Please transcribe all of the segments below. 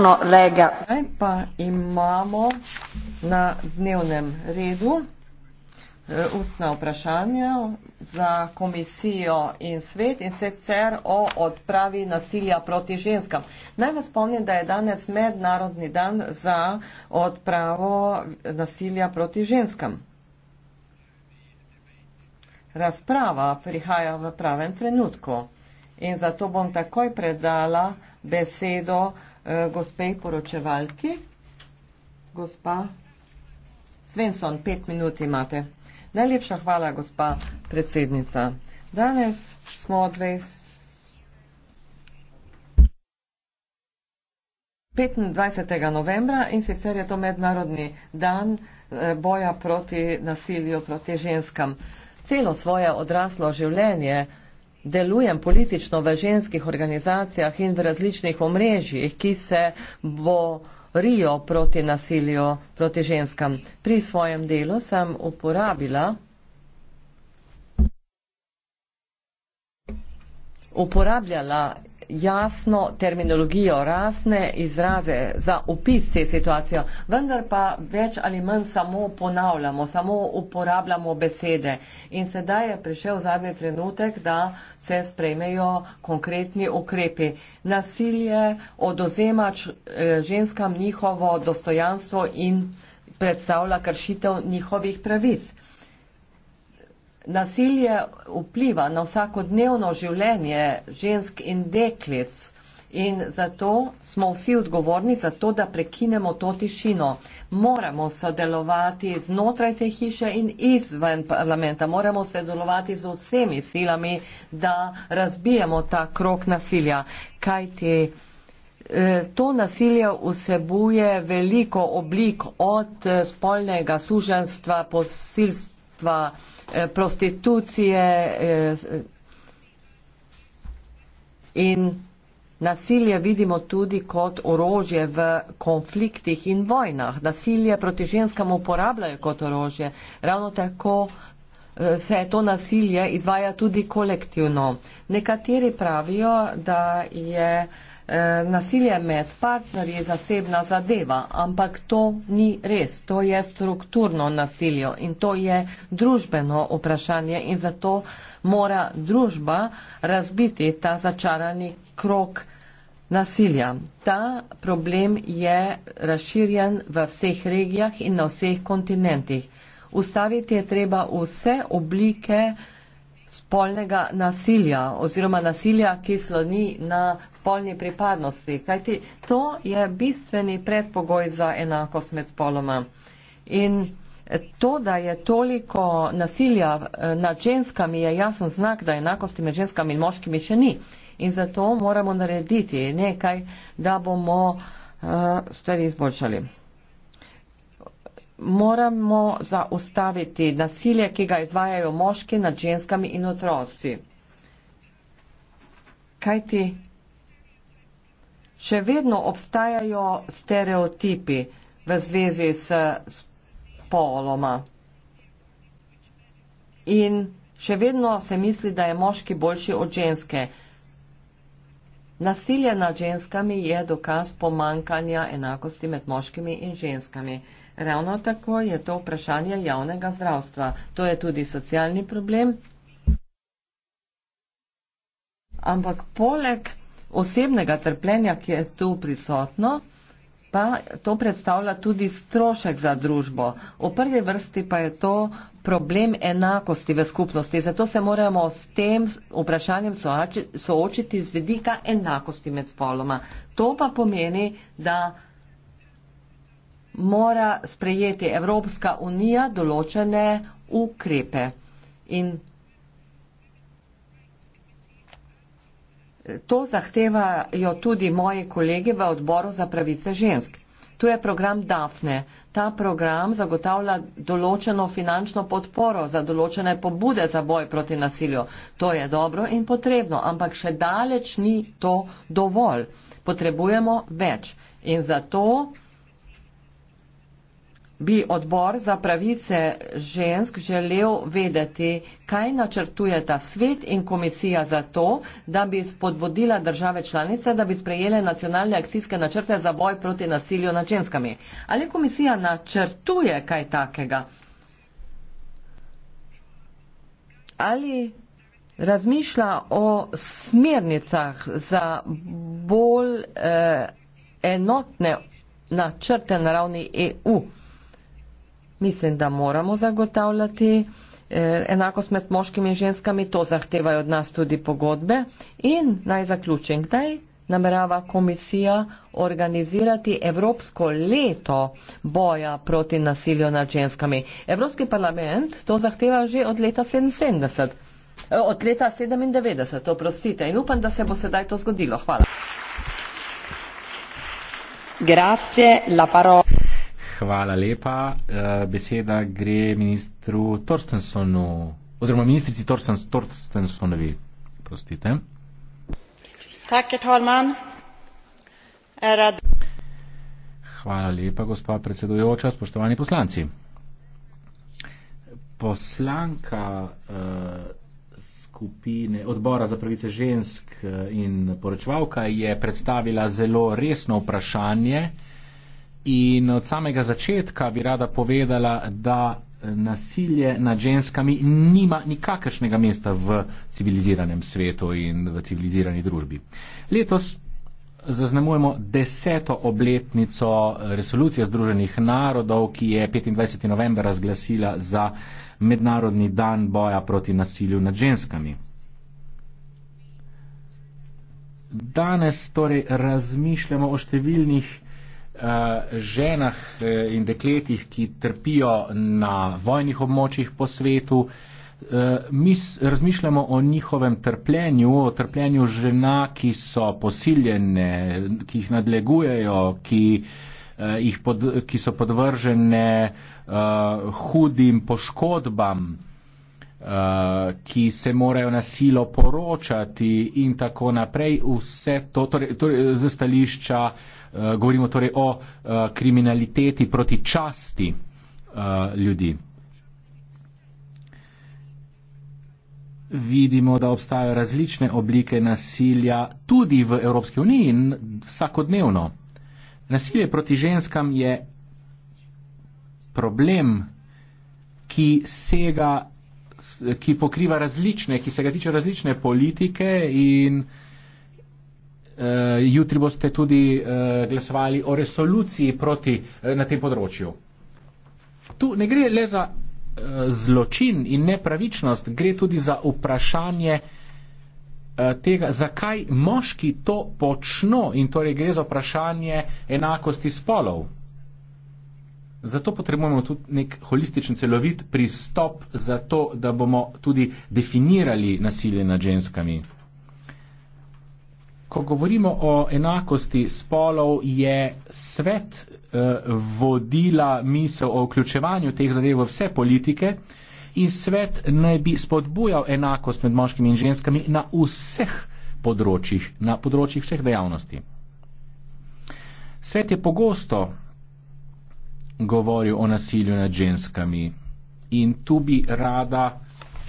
pozorno lega. Zdaj pa imamo na dnevnem redu eh, ustna vprašanja za komisijo in svet in sicer o odpravi nasilja proti ženskam. Naj vas spomnim, da je danes mednarodni dan za odpravo nasilja proti ženskam. Razprava prihaja v pravem trenutku in zato bom takoj predala besedo uh, Eh, gospej poročevalki. Gospa Svensson, pet minut imate. Najlepša hvala, gospa predsednica. Danes smo 25. novembra in sicer je to mednarodni dan eh, boja proti nasilju proti ženskam. Celo svoje odraslo življenje delujem politično v ženskih organizacijah in v različnih omrežjih, ki se borijo proti nasilju proti ženskam. Pri svojem delu sem uporabila, uporabljala jasno terminologijo, rasne izraze za upis te situacijo, vendar pa več ali manj samo ponavljamo, samo uporabljamo besede. In sedaj je prišel zadnji trenutek, da se sprejmejo konkretni ukrepi. Nasilje odozema eh, ženskam njihovo dostojanstvo in predstavlja kršitev njihovih pravic. Nasilje vpliva na vsakodnevno življenje žensk in deklic in zato smo vsi odgovorni za to, da prekinemo to tišino. Moramo sodelovati znotraj te hiše in izven parlamenta. Moramo sodelovati z vsemi silami, da razbijemo ta krok nasilja. Kaj ti? Eh, to nasilje vsebuje veliko oblik od spolnega suženstva, posilstva, prostitutstva, eh, prostitucije eh, in nasilje vidimo tudi kot orožje v konfliktih in vojnah. Nasilje proti ženskam uporabljajo kot orožje. Ravno tako eh, se to nasilje izvaja tudi kolektivno. Nekateri pravijo, da je nasilje med partnerji je zasebna zadeva, ampak to ni res. To je strukturno nasilje in to je družbeno vprašanje in zato mora družba razbiti ta začarani krok nasilja. Ta problem je razširjen v vseh regijah in na vseh kontinentih. Ustaviti je treba vse oblike spolnega nasilja oziroma nasilja, ki sloni na spolni pripadnosti, kajti to je bistveni predpogoj za enakost med spoloma. In to, da je toliko nasilja eh, nad ženskami, je jasen znak, da enakosti med ženskami in moškimi še ni. In zato moramo narediti nekaj, da bomo eh, stvari izboljšali. Moramo zaustaviti nasilje, ki ga izvajajo moški nad ženskami in otroci. Kaj ti še vedno obstajajo stereotipi v zvezi s spoloma. In še vedno se misli, da je moški boljši od ženske. Nasilje nad ženskami je dokaz pomankanja enakosti med moškimi in ženskami. Ravno tako je to vprašanje javnega zdravstva. To je tudi socialni problem. Ampak poleg osebnega trpljenja, ki je tu prisotno, pa to predstavlja tudi strošek za družbo. V prvi vrsti pa je to problem enakosti v skupnosti. Zato se moramo s tem vprašanjem soočiti z vidika enakosti med spoloma. To pa pomeni, da mora sprejeti Evropska unija določene ukrepe. In To zahtevajo tudi moji kolegi v odboru za pravice žensk. Tu je program DAFNE. Ta program zagotavlja določeno finančno podporo za določene pobude za boj proti nasilju. To je dobro in potrebno, ampak še daleč ni to dovolj. Potrebujemo več. In zato bi odbor za pravice žensk želel vedeti, kaj načrtuje ta svet in komisija za to, da bi spodbudila države članice, da bi sprejele nacionalne akcijske načrte za boj proti nasilju nad ženskami. Ali komisija načrtuje kaj takega? Ali razmišlja o smernicah za bolj eh, enotne načrte na ravni EU? mislim, da moramo zagotavljati eh, enakost med moškimi in ženskami, to zahtevajo od nas tudi pogodbe. In naj zaključim, kdaj namerava komisija organizirati Evropsko leto boja proti nasilju nad ženskami. Evropski parlament to zahteva že od leta 77. Eh, od leta 97, oprostite, in upam, da se bo sedaj to zgodilo. Hvala. Grazie, la parola. Hvala lepa. Eh, beseda gre ministru Torstensonu, oziroma ministrici Torstens, Torstensonovi. Prostite. Tak, talman. Rad. Hvala lepa, gospa predsedujoča, spoštovani poslanci. Poslanka uh, skupine odbora za pravice žensk eh, in poročevalka je predstavila zelo resno vprašanje uh, In od samega začetka bi rada povedala, da eh, nasilje nad ženskami nima nikakršnega mesta v civiliziranem svetu in v civilizirani družbi. Letos zaznamujemo deseto obletnico eh, resolucije Združenih narodov, ki je 25. novembra razglasila za Mednarodni dan boja proti nasilju nad ženskami. Danes torej razmišljamo o številnih Eh, ženah eh, in dekletih, ki trpijo na vojnih območjih po svetu. Eh, mi razmišljamo o njihovem trpljenju, o trpljenju žena, ki so posiljene, ki jih nadlegujejo, ki, jih pod, ki so podvržene hudim poškodbam, ki se morajo na silo poročati in tako naprej. Vse to, torej, torej, z stališča Eh, govorimo torej o uh, kriminaliteti proti časti uh, ljudi. Vidimo, da obstajajo različne oblike nasilja tudi v Evropski uniji in vsakodnevno. Nasilje proti ženskam je problem, ki sega, ki pokriva različne, ki se ga tiče različne politike in uh, Uh, jutri boste tudi uh, glasovali o resoluciji proti, uh, na tem področju. Tu ne gre le za uh, zločin in nepravičnost, gre tudi za vprašanje uh, tega, zakaj moški to počno in torej gre za vprašanje enakosti spolov. Zato potrebujemo tudi nek holističen celovit pristop, zato da bomo tudi definirali nasilje nad ženskami ko govorimo o enakosti spolov, je svet eh, vodila misel o vključevanju teh zadev v vse politike in svet naj bi spodbujal enakost med moškimi in ženskami na vseh področjih, na področjih vseh dejavnosti. Svet je pogosto govoril o nasilju nad ženskami in tu bi rada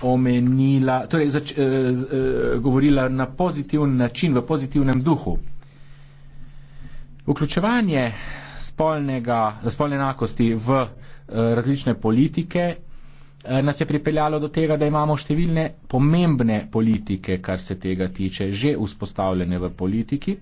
omenila, torej zač, eh, eh, govorila na pozitiven način, v pozitivnem duhu. Vključevanje spolnega, spolne enakosti v eh, različne politike eh, nas je pripeljalo do tega, da imamo številne pomembne politike, kar se tega tiče, že vzpostavljene v politiki.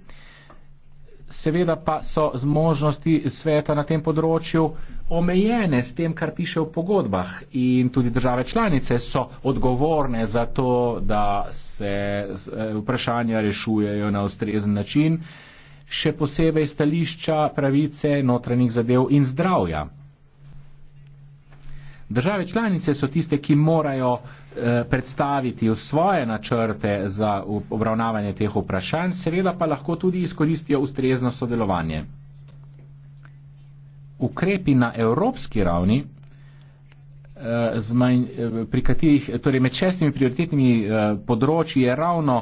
Seveda pa so zmožnosti sveta na tem področju eh, omejene s tem, kar piše v pogodbah in tudi države članice so odgovorne za to, da se e, vprašanja rešujejo na ustrezen način, še posebej stališča pravice notranjih zadev in zdravja. Države članice so tiste, ki morajo e, predstaviti svoje načrte za obravnavanje teh vprašanj, seveda pa lahko tudi izkoristijo ustrezno sodelovanje ukrepi na evropski ravni, eh, Zmanj, eh, pri katerih, torej med šestimi prioritetnimi eh, področji je ravno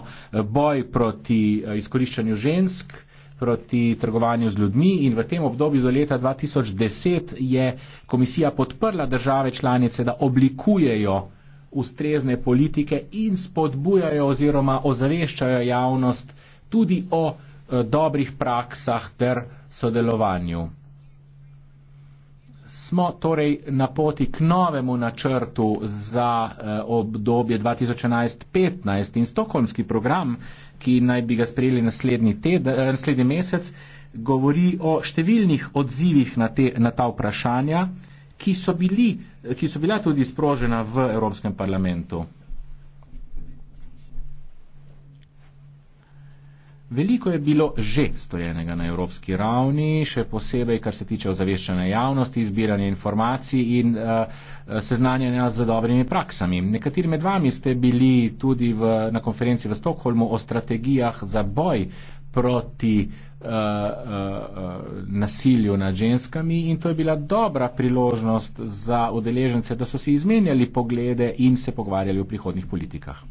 boj proti izkoriščanju žensk, proti trgovanju z ljudmi in v tem obdobju do leta 2010 je komisija podprla države članice, da oblikujejo ustrezne politike in spodbujajo oziroma ozaveščajo javnost tudi o dobrih praksah ter sodelovanju smo torej na poti k novemu načrtu za eh, obdobje 2011-2015 in stokholmski program, ki naj bi ga sprejeli naslednji, teden, eh, naslednji mesec, govori o številnih odzivih na, te, na ta vprašanja, ki so, bili, ki so bila tudi sprožena v Evropskem parlamentu. Veliko je bilo že storjenega na evropski ravni, še posebej, kar se tiče ozaveščanja javnosti, zbiranja informacij in uh, seznanjanja z dobrimi praksami. Nekateri med vami ste bili tudi v, na konferenci v Stokholmu o strategijah za boj proti uh, uh, nasilju nad ženskami in to je bila dobra priložnost za udeležence, da so si izmenjali poglede in se pogovarjali o prihodnih politikah.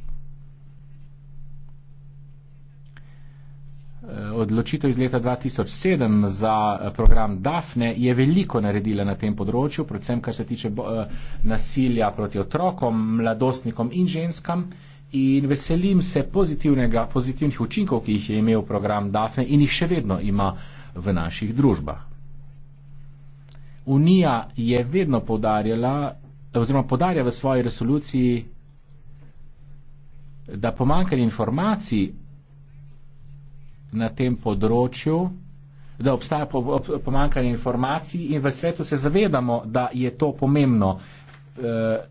Eh, odločitev iz leta 2007 za eh, program DAFNE je veliko naredila na tem področju, predvsem kar se tiče eh, nasilja proti otrokom, mladostnikom in ženskam. In veselim se pozitivnih učinkov, ki jih je imel program DAFNE in jih še vedno ima v naših družbah. Unija je vedno podarjala, oziroma podarja v svoji resoluciji, da pomankanje informacij na tem področju, da obstaja pomankanje informacij in v svetu se zavedamo, da je to pomembno eh,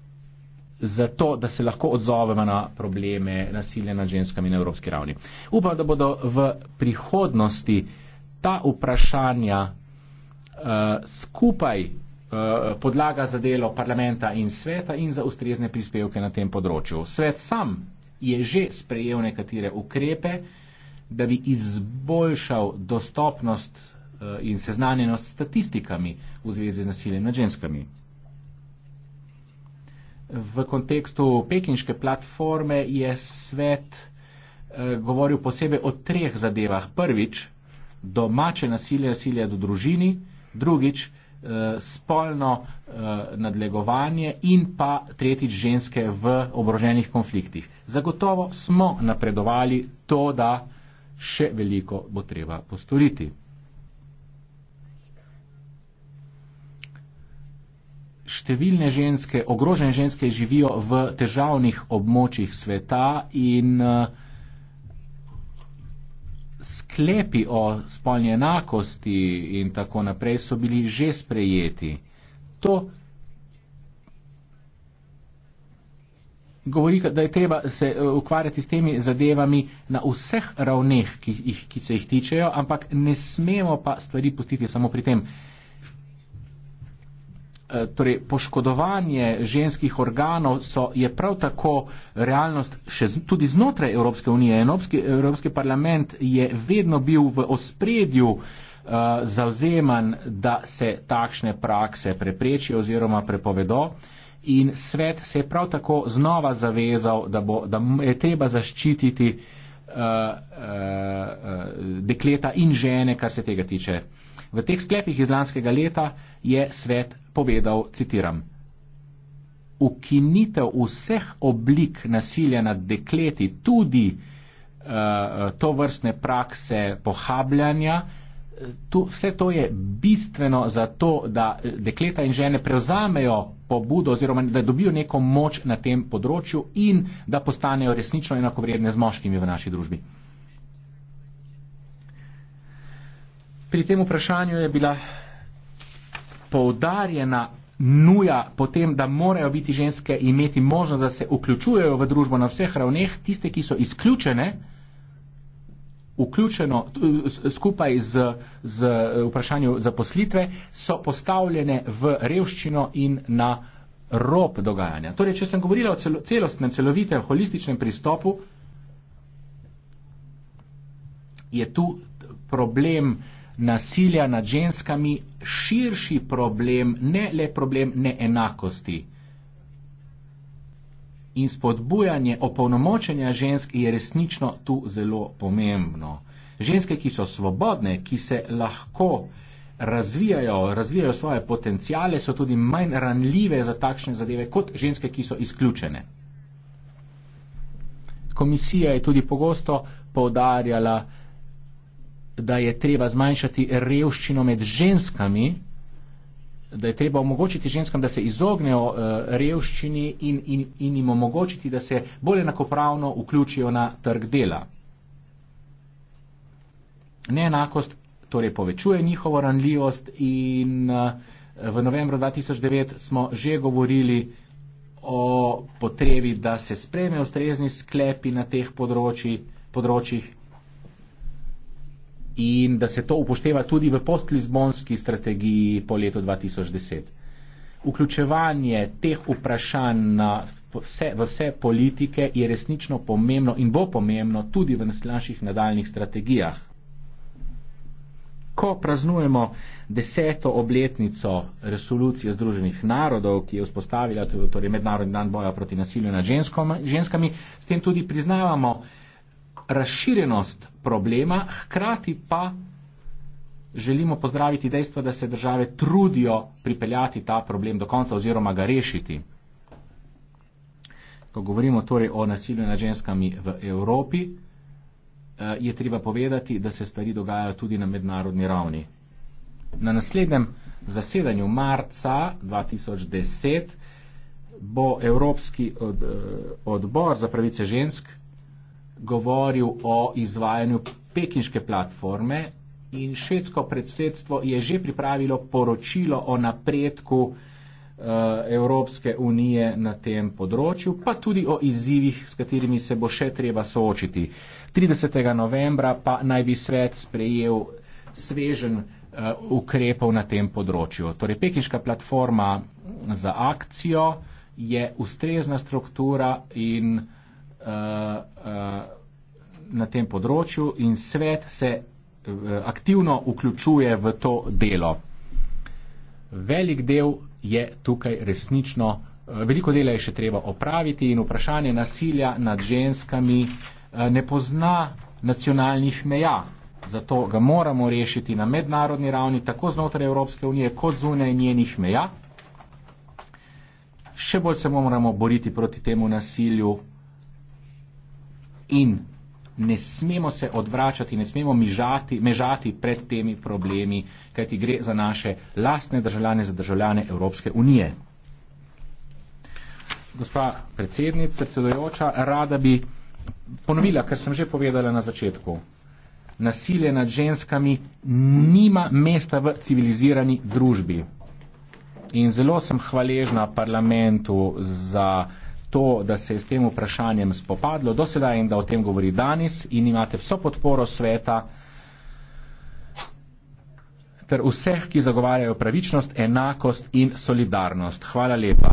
za to, da se lahko odzovemo na probleme nasilja nad ženskami na evropski ravni. Upam, da bodo v prihodnosti ta vprašanja eh, skupaj eh, podlaga za delo parlamenta in sveta in za ustrezne prispevke na tem področju. Svet sam je že sprejel nekatere ukrepe, eh, da bi izboljšal dostopnost eh, in seznanjenost s statistikami v zvezi z nasiljem nad ženskami. V kontekstu pekinške platforme je svet eh, govoril posebej o treh zadevah. Prvič, domače nasilje, nasilje do družini, drugič, eh, spolno nadlegovanje in pa tretjič ženske v oboroženih konfliktih. Zagotovo smo napredovali to, da še veliko bo treba postoriti. Številne ženske, ogrožene ženske živijo v težavnih območjih sveta in eh, sklepi o spolni enakosti in tako naprej so bili že sprejeti. To govori, da je treba se eh, ukvarjati s temi zadevami na vseh ravneh, ki, ki se jih tičejo, ampak ne smemo pa stvari pustiti samo pri tem. Eh, torej, poškodovanje ženskih organov so, je prav tako realnost še z, tudi znotraj Evropske unije. Evropski, Evropski parlament je vedno bil v ospredju uh, eh, zauzeman, da se takšne prakse preprečijo oziroma prepovedo. Uh, in svet se je prav tako znova zavezal, da, bo, da je treba zaščititi uh, uh, uh, dekleta in žene, kar se tega tiče. V teh sklepih iz lanskega leta je svet povedal, citiram, ukinitev vseh oblik nasilja nad dekleti, tudi uh, uh to vrstne prakse pohabljanja, uh, to, vse to je bistveno za to, da eh, dekleta in žene prevzamejo pobudo oziroma da dobijo neko moč na tem področju in da postanejo resnično enakovredne z moškimi v naši družbi. Pri tem vprašanju je bila poudarjena nuja potem, da morajo biti ženske imeti možnost, da se vključujejo v družbo na vseh ravneh, tiste, ki so izključene, vključeno skupaj z, z eh, vprašanjem zaposlitve, so postavljene v revščino in na rob dogajanja. Torej, če sem govorila o celo, celostnem, celovitem, holističnem pristopu, je tu problem nasilja nad ženskami širši problem, ne le problem neenakosti in spodbujanje opolnomočenja žensk je resnično tu zelo pomembno. Ženske, ki so svobodne, ki se lahko razvijajo, razvijajo svoje potencijale, so tudi manj ranljive za takšne zadeve kot ženske, ki so izključene. Komisija je tudi pogosto poudarjala, da je treba zmanjšati revščino med ženskami, da je treba omogočiti ženskam, da se izognejo eh, revščini in, in, in jim omogočiti, da se bolj enakopravno vključijo na trg dela. Neenakost torej povečuje njihovo ranljivost in eh, v novembru 2009 smo že govorili o potrebi, da se spreme ustrezni sklepi na teh področji, področjih in da se to upošteva tudi v post-Lizbonski strategiji po letu 2010. Vključevanje teh vprašanj vse, v vse politike je resnično pomembno in bo pomembno tudi v naših nadaljnih strategijah. Ko praznujemo deseto obletnico resolucije Združenih narodov, ki je vzpostavila torej, Mednarodni dan boja proti nasilju nad ženskami, s tem tudi priznavamo, razširjenost problema, hkrati pa želimo pozdraviti dejstvo, da se države trudijo pripeljati ta problem do konca oziroma ga rešiti. Ko govorimo torej o nasilju nad ženskami v Evropi, eh, je treba povedati, da se stvari dogajajo tudi na mednarodni ravni. Na naslednjem zasedanju marca 2010 bo Evropski eh, odbor za pravice žensk govoril o izvajanju pekinške platforme in švedsko predsedstvo je že pripravilo poročilo o napredku eh, Evropske unije na tem področju, pa tudi o izzivih, s katerimi se bo še treba soočiti. 30. novembra pa naj bi svet sprejel svežen eh, ukrepov na tem področju. Torej, pekinška platforma za akcijo je ustrezna struktura in Eh, eh, na tem področju in svet se eh, aktivno vključuje v to delo. Velik del je tukaj resnično, veliko dela je še treba opraviti in vprašanje nasilja nad ženskami ne pozna nacionalnih meja. Zato ga moramo rešiti na mednarodni ravni, tako znotraj Evropske unije, kot zunaj njenih meja. Še bolj se moramo boriti proti temu nasilju in ne smemo se odvračati, ne smemo mižati, mežati pred temi problemi, kajti gre za naše lastne državljane, za državljane Evropske unije. Gospa predsednica, predsedojoča, rada bi ponovila, kar sem že povedala na začetku. Nasilje nad ženskami nima mesta v civilizirani družbi. In zelo sem hvaležna parlamentu za to, da se je s tem vprašanjem spopadlo do sedaj in da o tem govori danes in imate vso podporo sveta ter vseh, ki zagovarjajo pravičnost, enakost in solidarnost. Hvala lepa.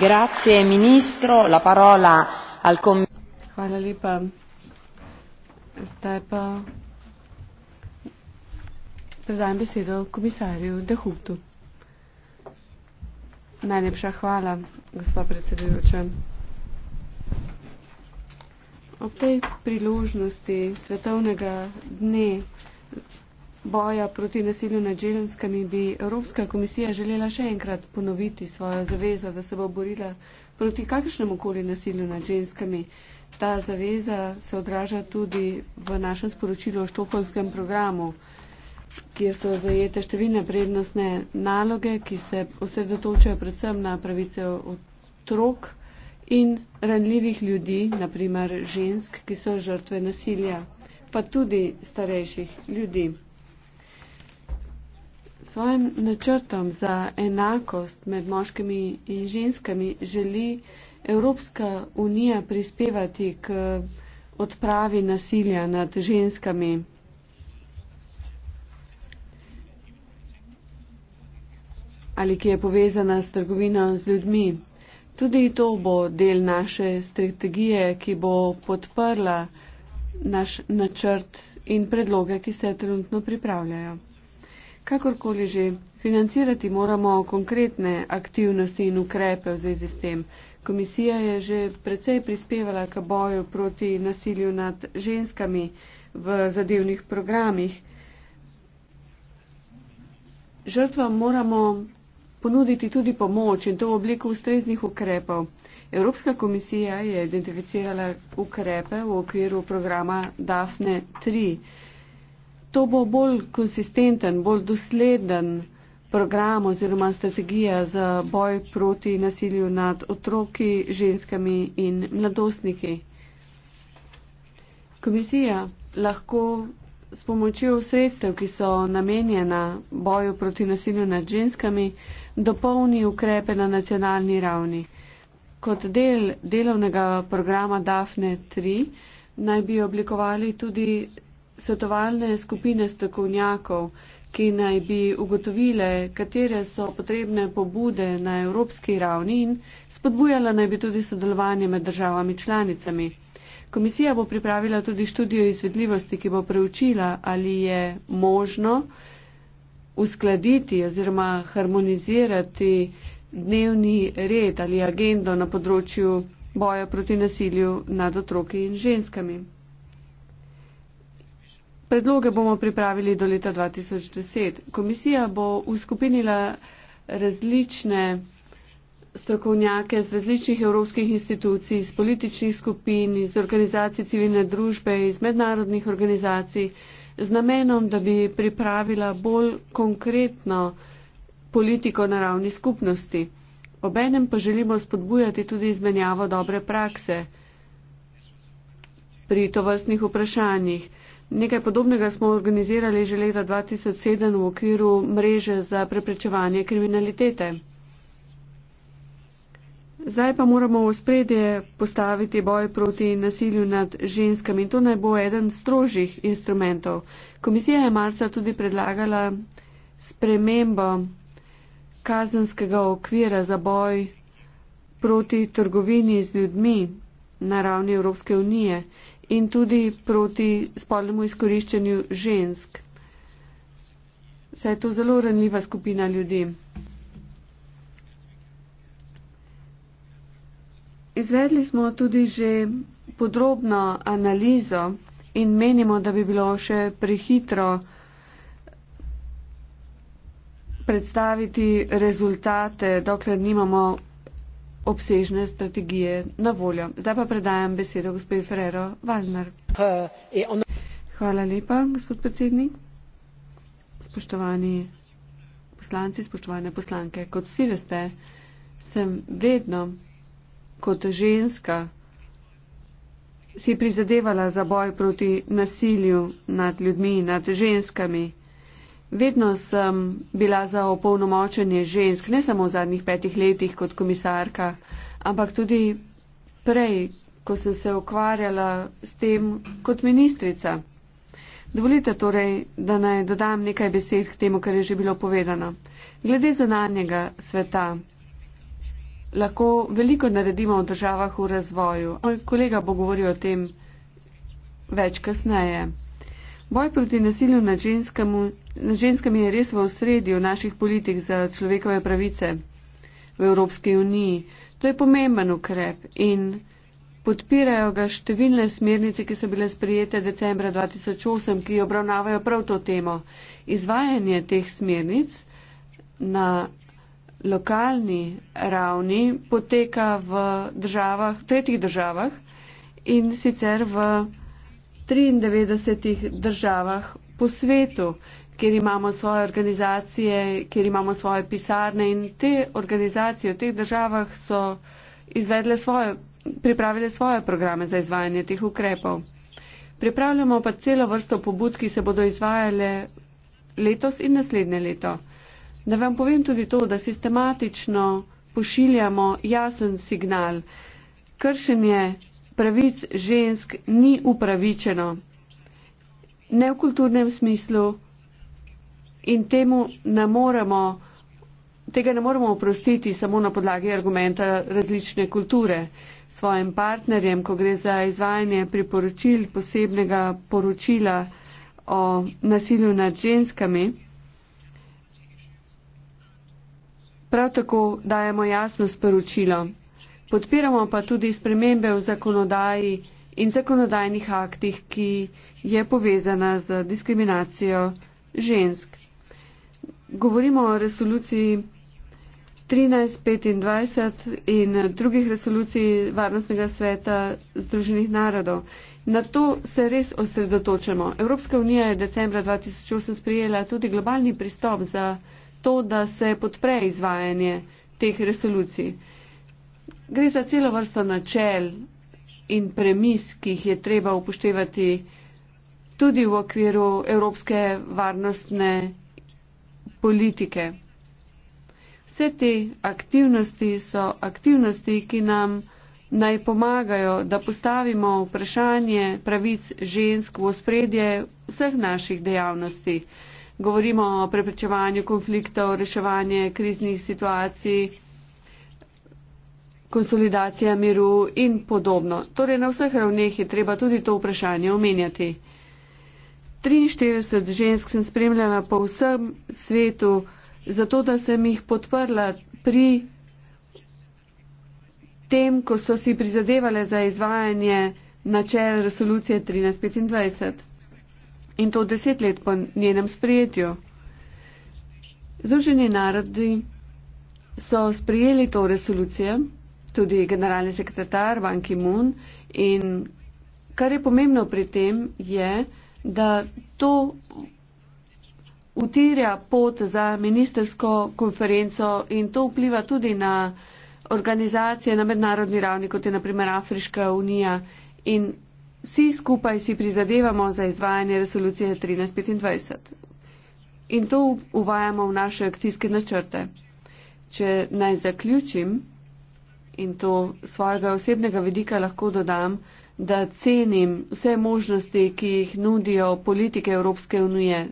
Grazie, ministro. La parola al com... Hvala lepa. Zdaj pa predajam besedo komisarju Dehutu. Najlepša hvala, gospa predsedujoča. Ob tej priložnosti svetovnega dne boja proti nasilju nad ženskami bi Evropska komisija želela še enkrat ponoviti svojo zavezo, da se bo borila proti kakršnemu koli nasilju nad ženskami. Ta zaveza se odraža tudi v našem sporočilu o štokholmskem programu kjer so zajete številne prednostne naloge, ki se osredotočajo predvsem na pravice otrok in ranljivih ljudi, naprimer žensk, ki so žrtve nasilja, pa tudi starejših ljudi. Svojim načrtom za enakost med moškimi in ženskami želi Evropska unija prispevati k odpravi nasilja nad ženskami. ali ki je povezana s trgovino z ljudmi. Tudi to bo del naše strategije, ki bo podprla naš načrt in predloge, ki se trenutno pripravljajo. Kakorkoli že, financirati moramo konkretne aktivnosti in ukrepe v zvezi s tem. Komisija je že precej prispevala k boju proti nasilju nad ženskami v zadevnih programih. Žrtvam moramo ponuditi tudi pomoč in to v obliku ustreznih ukrepov. Evropska komisija je identificirala ukrepe v okviru programa DAFNE 3. To bo bolj konsistenten, bolj dosleden program oziroma strategija za boj proti nasilju nad otroki, ženskami in mladostniki. Komisija lahko s pomočjo sredstev, ki so namenjena boju proti nasilju nad ženskami, dopolni ukrepe na nacionalni ravni. Kot del delovnega programa DAFNE 3 naj bi oblikovali tudi svetovalne skupine strokovnjakov, ki naj bi ugotovile, katere so potrebne pobude na evropski ravni in spodbujala naj bi tudi sodelovanje med državami članicami. Komisija bo pripravila tudi študijo izvedljivosti, ki bo preučila, ali je možno, uskladiti oziroma harmonizirati dnevni red ali agendo na področju boja proti nasilju nad otroki in ženskami. Predloge bomo pripravili do leta 2010. Komisija bo uskupinila različne strokovnjake z različnih evropskih institucij, iz političnih skupin, iz organizacij civilne družbe, iz mednarodnih organizacij, z namenom, da bi pripravila bolj konkretno politiko na ravni skupnosti. Obenem pa želimo spodbujati tudi izmenjavo dobre prakse pri tovrstnih vprašanjih. Nekaj podobnega smo organizirali že leta 2007 v okviru mreže za preprečevanje kriminalitete. Zdaj pa moramo v spredje postaviti boj proti nasilju nad ženskami in to naj bo eden strožjih instrumentov. Komisija je marca tudi predlagala spremembo kazenskega okvira za boj proti trgovini z ljudmi na ravni Evropske unije in tudi proti spolnemu izkoriščanju žensk. Saj je to zelo ranljiva skupina ljudi. Izvedli smo tudi že podrobno analizo in menimo, da bi bilo še prehitro predstaviti rezultate, dokler nimamo obsežne strategije na voljo. Zdaj pa predajam besedo gospodi Ferrero Valnar. Hvala lepa, gospod predsednik. Spoštovani poslanci, spoštovane poslanke, kot vsi veste, sem vedno kot ženska si prizadevala za boj proti nasilju nad ljudmi, nad ženskami. Vedno sem bila za opolnomočenje žensk, ne samo v zadnjih petih letih kot komisarka, ampak tudi prej, ko sem se ukvarjala s tem kot ministrica. Dovolite torej, da naj dodam nekaj besed k temu, kar je že bilo povedano. Glede zunanjega sveta, lahko veliko naredimo v državah v razvoju. Moj kolega bo govoril o tem več kasneje. Boj proti nasilju nad, ženskemu, nad ženskami je res v osredju naših politik za človekove pravice v Evropski uniji. To je pomemben ukrep in podpirajo ga številne smernice, ki so bile sprijete decembra 2008, ki obravnavajo prav to temo. Izvajanje teh smernic na lokalni ravni poteka v državah, tretjih državah in sicer v 93 državah po svetu, kjer imamo svoje organizacije, kjer imamo svoje pisarne in te organizacije v teh državah so izvedle svoje, pripravile svoje programe za izvajanje teh ukrepov. Pripravljamo pa celo vrsto pobud, ki se bodo izvajale letos in naslednje leto. Da vam povem tudi to, da sistematično pošiljamo jasen signal. Kršenje pravic žensk ni upravičeno, ne v kulturnem smislu in temu ne moremo, tega ne moremo oprostiti samo na podlagi argumenta različne kulture. Svojem partnerjem, ko gre za izvajanje priporočil posebnega poročila o nasilju nad ženskami. Prav tako dajemo jasno sporočilo. Podpiramo pa tudi spremembe v zakonodaji in zakonodajnih aktih, ki je povezana z diskriminacijo žensk. Govorimo o resoluciji 1325 in drugih resolucij Varnostnega sveta Združenih narodov. Na to se res osredotočamo. Evropska unija je decembra 2008 sprijela tudi globalni pristop za to, da se podpre izvajanje teh resolucij. Gre za celo vrsto načel in premis, ki jih je treba upoštevati tudi v okviru evropske varnostne politike. Vse te aktivnosti so aktivnosti, ki nam naj pomagajo, da postavimo vprašanje pravic žensk v spredje vseh naših dejavnosti govorimo o preprečevanju konfliktov, reševanje kriznih situacij, konsolidacija miru in podobno. Torej na vseh ravneh je treba tudi to vprašanje omenjati. 43 žensk sem spremljala po vsem svetu, zato da sem jih podprla pri tem, ko so si prizadevale za izvajanje načel resolucije 1325 in to deset let po njenem sprejetju. Združeni narodi so sprejeli to resolucijo, tudi generalni sekretar Ban Ki-moon in kar je pomembno pri tem je, da to utirja pot za ministersko konferenco in to vpliva tudi na organizacije na mednarodni ravni, kot je naprimer Afriška unija in vsi skupaj si prizadevamo za izvajanje resolucije 1325. In to uvajamo v naše akcijske načrte. Če naj zaključim in to svojega osebnega vidika lahko dodam, da cenim vse možnosti, ki jih nudijo politike Evropske unije,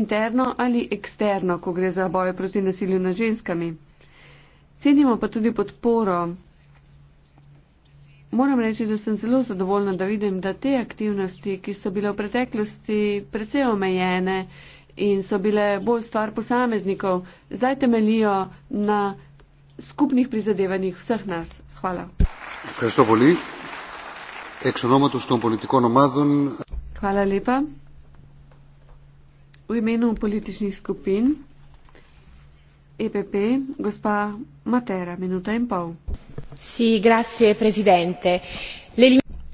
interno ali eksterno, ko gre za boj proti nasilju nad ženskami. Cenimo pa tudi podporo Moram reči, da sem zelo zadovoljna, da vidim, da te aktivnosti, ki so bile v preteklosti precej omejene in so bile bolj stvar posameznikov, zdaj temelijo na skupnih prizadevanjih vseh nas. Hvala. Hvala lepa. V imenu političnih skupin EPP, gospa Matera, minuta in pol.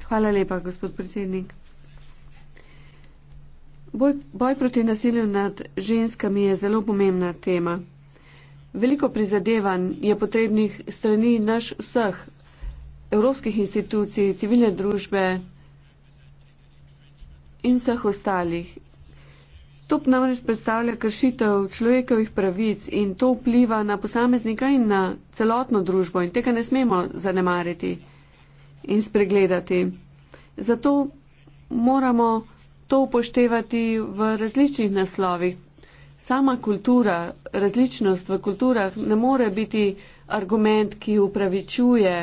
Hvala lepa, gospod predsednik. Boj, boj proti nasilju nad ženskami je zelo pomembna tema. Veliko prizadevanj je potrebnih strani naš vseh evropskih institucij, civilne družbe in vseh ostalih. To namreč predstavlja kršitev človekovih pravic in to vpliva na posameznika in na celotno družbo in tega ne smemo zanemariti in spregledati. Zato moramo to upoštevati v različnih naslovih. Sama kultura, različnost v kulturah ne more biti argument, ki upravičuje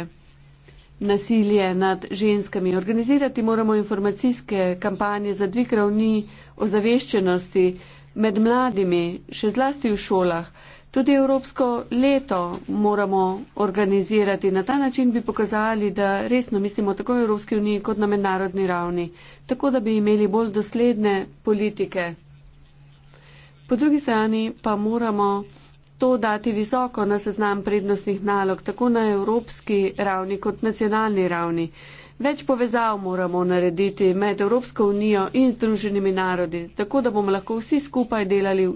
nasilje nad ženskami. Organizirati moramo informacijske kampanje za dvig ravni ozaveščenosti med mladimi, še zlasti v šolah. Tudi Evropsko leto moramo organizirati. Na ta način bi pokazali, da resno mislimo tako v Evropski uniji kot na mednarodni ravni. Tako, da bi imeli bolj dosledne politike. Po drugi strani pa moramo to dati visoko na seznam prednostnih nalog, tako na evropski ravni kot nacionalni ravni. Več povezav moramo narediti med Evropsko unijo in Združenimi narodi, tako da bomo lahko vsi skupaj delali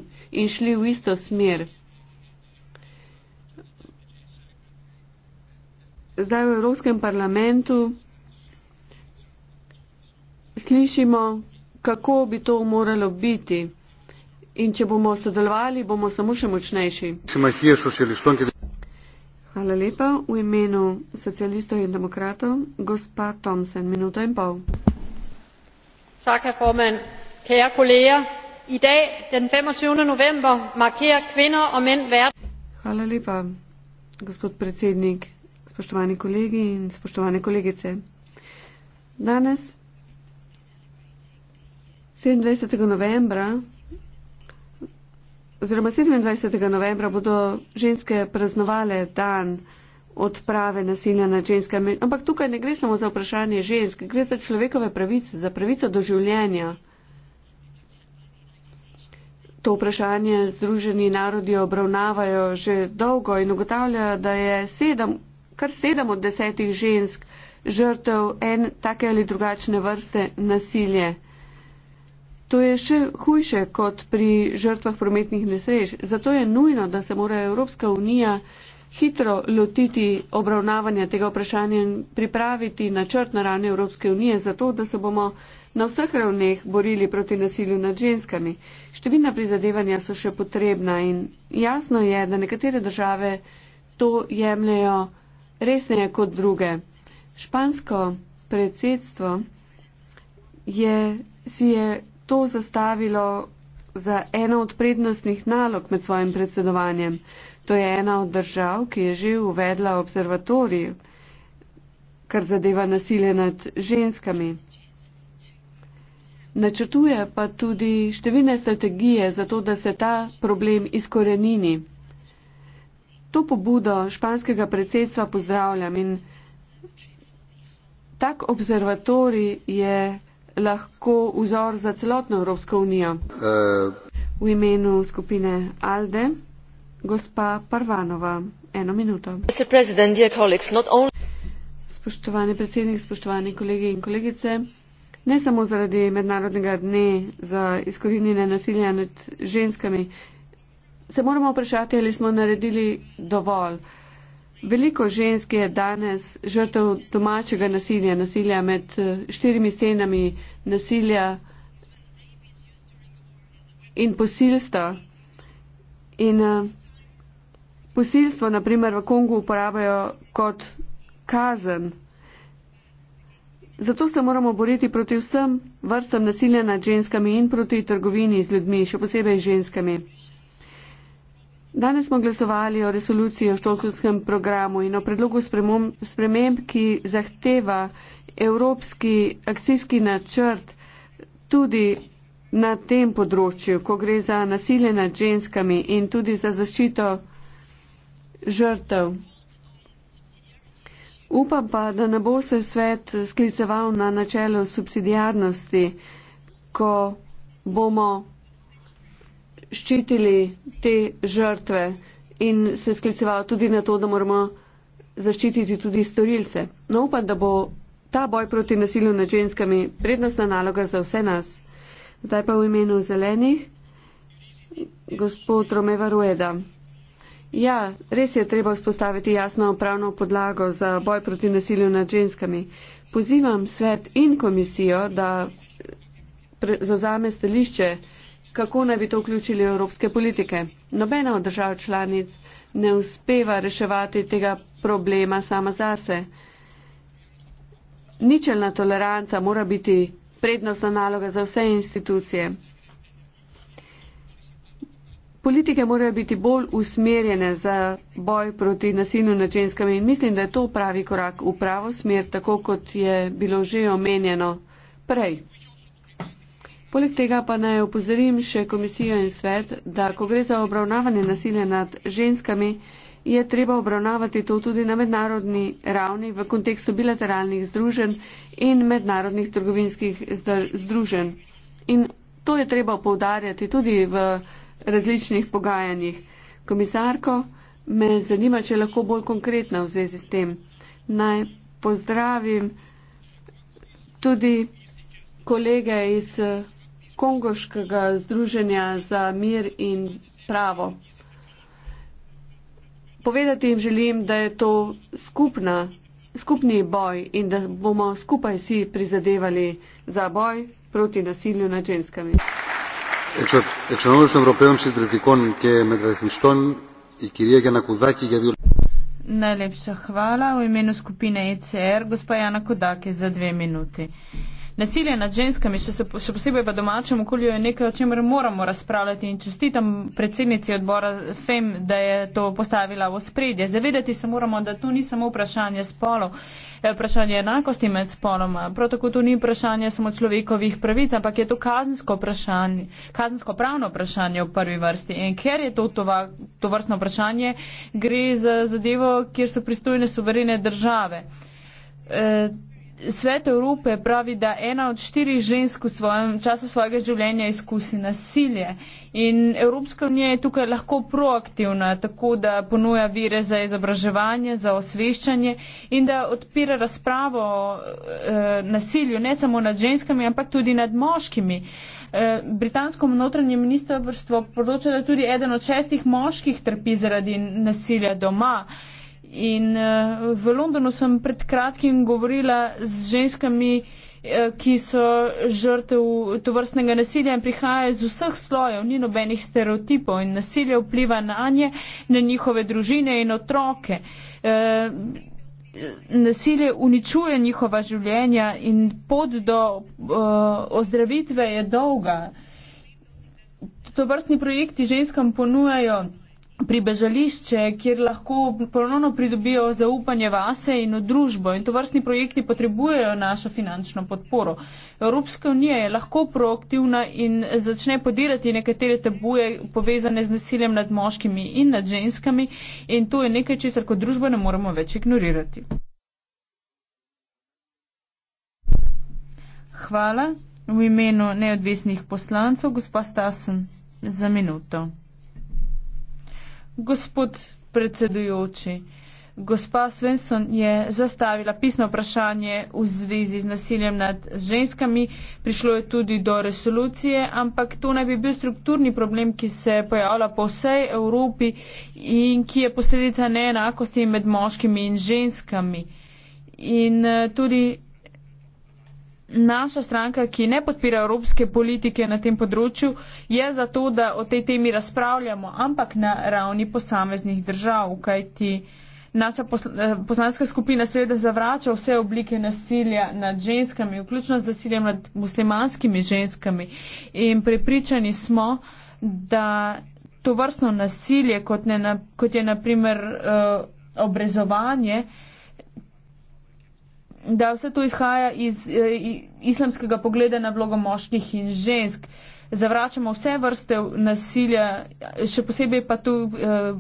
in šli v isto smer. Zdaj v Evropskem parlamentu slišimo, kako bi to moralo biti. In če bomo sodelovali, bomo samo še močnejši. Hvala lepa. V imenu socialistov in demokratov, gospa Thompson, minuto in pol. Tak, herr formand. Kære kolleger, i dag, den 25. november, markerer kvinder og mænd verden. Hvala lepa, gospod predsednik, spoštovani kolegi in spoštovane kolegice. Danes, 27. novembra, oziroma 27. novembra bodo ženske praznovale dan odprave nasilja nad ženskami. Ampak tukaj ne gre samo za vprašanje žensk, gre za človekove pravice, za pravico do življenja. To vprašanje Združeni narodi obravnavajo že dolgo in ugotavljajo, da je sedem, kar sedem od desetih žensk žrtev en take ali drugačne vrste nasilje. To je še hujše kot pri žrtvah prometnih nesreč. Zato je nujno, da se mora Evropska unija hitro lotiti obravnavanja tega vprašanja in pripraviti načrt na ravni Evropske unije, zato da se bomo na vseh ravneh borili proti nasilju nad ženskami. Številna prizadevanja so še potrebna in jasno je, da nekatere države to jemljajo resneje kot druge. Špansko predsedstvo je, si je to zastavilo za eno od prednostnih nalog med svojim predsedovanjem. To je ena od držav, ki je že uvedla observatorij, kar zadeva nasilje nad ženskami. Načrtuje pa tudi številne strategije za to, da se ta problem izkorenini. To pobudo španskega predsedstva pozdravljam in tak observatorij je lahko vzor za celotno Evropsko unijo? Eh. V imenu skupine ALDE, gospa Parvanova, eno minuto. Spoštovani predsednik, spoštovani kolegi in kolegice, ne samo zaradi mednarodnega dne za izkorinjene nasilja nad ženskami, se moramo vprašati, ali smo naredili dovolj. Veliko žensk je danes žrtev domačega nasilja, nasilja med eh, štirimi stenami, nasilja in posilstva. In uh, posilstvo, naprimer, v Kongu uporabljajo kot kazen. Zato se moramo boriti proti vsem vrstam nasilja nad ženskami in proti trgovini z ljudmi, še posebej ženskami. Danes smo glasovali o resoluciji o štolkovskem programu in o predlogu sprememb, ki zahteva evropski akcijski načrt tudi na tem področju, ko gre za nasilje nad ženskami in tudi za zaščito žrtev. Upam pa, da ne bo se svet skliceval na načelo subsidijarnosti, ko bomo ščitili te žrtve in se sklicevali tudi na to, da moramo zaščititi tudi storilce. No, upam, da bo ta boj proti nasilju nad ženskami prednostna naloga za vse nas. Zdaj pa v imenu zelenih, gospod Romeva Rueda. Ja, res je treba vzpostaviti jasno pravno podlago za boj proti nasilju nad ženskami. Pozivam svet in komisijo, da zauzame stališče, kako naj bi to vključili v evropske politike. Nobena od držav članic ne uspeva reševati tega problema sama zase. Ničelna toleranca mora biti prednostna naloga za vse institucije. Politike morajo biti bolj usmerjene za boj proti nasilju nad ženskami in mislim, da je to pravi korak v pravo smer, tako kot je bilo že omenjeno prej. Poleg tega pa naj opozorim še komisijo in svet, da ko gre za obravnavanje nasilja nad ženskami, je treba obravnavati to tudi na mednarodni ravni v kontekstu bilateralnih združenj in mednarodnih trgovinskih združenj. In to je treba povdarjati tudi v različnih pogajanjih. Komisarko, me zanima, če lahko bolj konkretna v zvezi s tem. Naj pozdravim tudi kolege iz Kongoškega združenja za mir in pravo. Povedati jim želim, da je to skupna, skupni boj in da bomo skupaj si prizadevali za boj proti nasilju nad ženskami. Najlepša hvala v imenu skupine ECR, gospa Jana Kodak je za dve minuti. Nasilje nad ženskami, še, se, še posebej v domačem okolju, je nekaj, o čemer moramo razpravljati in čestitam predsednici odbora FEM, da je to postavila v spredje. Zavedati se moramo, da to ni samo vprašanje spolov, eh, vprašanje enakosti med spolom, prav tako to ni vprašanje samo človekovih pravic, ampak je to kazensko vprašanje, kazensko pravno vprašanje v prvi vrsti. In ker je to tova, to vrstno vprašanje, gre za zadevo, kjer so pristojne suverene države. E, Svet Evrope pravi, da ena od štirih žensk v svojem, času svojega življenja izkusi nasilje. In Evropska unija je tukaj lahko proaktivna, tako da ponuja vire za izobraževanje, za osveščanje in da odpira razpravo o eh, e, nasilju ne samo nad ženskami, ampak tudi nad moškimi. E, Britansko notranje ministrstvo poroča, da tudi eden od šestih moških trpi zaradi nasilja doma. In eh, v Londonu sem pred kratkim govorila z ženskami, eh, ki so žrtev tovrstnega nasilja in prihajajo iz vseh slojev, ni nobenih stereotipov in nasilje vpliva na nje, na njihove družine in otroke. Eh, nasilje uničuje njihova življenja in pot do ozdravitve je dolga. To vrstni projekti ženskam ponujajo pribežališče, kjer lahko ponovno pridobijo zaupanje vase in v družbo. In to vrstni projekti potrebujejo našo finančno podporo. Evropska unija je lahko proaktivna in začne podirati nekatere tabuje povezane z nasiljem nad moškimi in nad ženskami. In to je nekaj, česar kot družba ne moremo več ignorirati. Hvala. V imenu neodvisnih poslancev, gospa Stasen, za minuto. Gospod predsedujoči, gospa Svensson je zastavila pisno vprašanje v zvezi z nasiljem nad ženskami. Prišlo je tudi do resolucije, ampak to naj bi bil strukturni problem, ki se pojavlja po vsej Evropi in ki je posledica neenakosti med moškimi in ženskami. In eh, tudi naša stranka, ki ne podpira evropske politike na tem področju, je zato, da o tej temi razpravljamo, ampak na ravni posameznih držav, kajti naša eh, poslanska skupina seveda zavrača vse oblike nasilja nad ženskami, vključno z nasiljem nad muslimanskimi ženskami. In prepričani smo, da to vrstno nasilje, kot, ne, kot je naprimer uh, eh, obrezovanje, uh, da vse to izhaja iz eh, islamskega pogleda na vlogo moških in žensk. Zavračamo vse vrste nasilja, še posebej pa tu eh,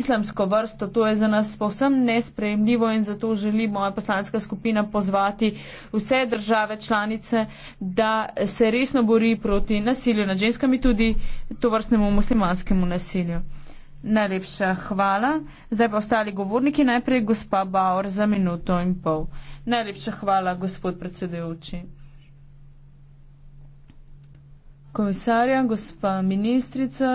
islamsko vrsto. To je za nas povsem nesprejemljivo in zato želi moja poslanska skupina pozvati vse države članice, da se resno bori proti nasilju nad ženskami, tudi to vrstnemu muslimanskemu nasilju. Najlepša hvala. Zdaj pa ostali govorniki, najprej gospa Bauer za minuto in pol. Najlepša hvala, gospod predsedujoči. Komisarja, gospa ministrica,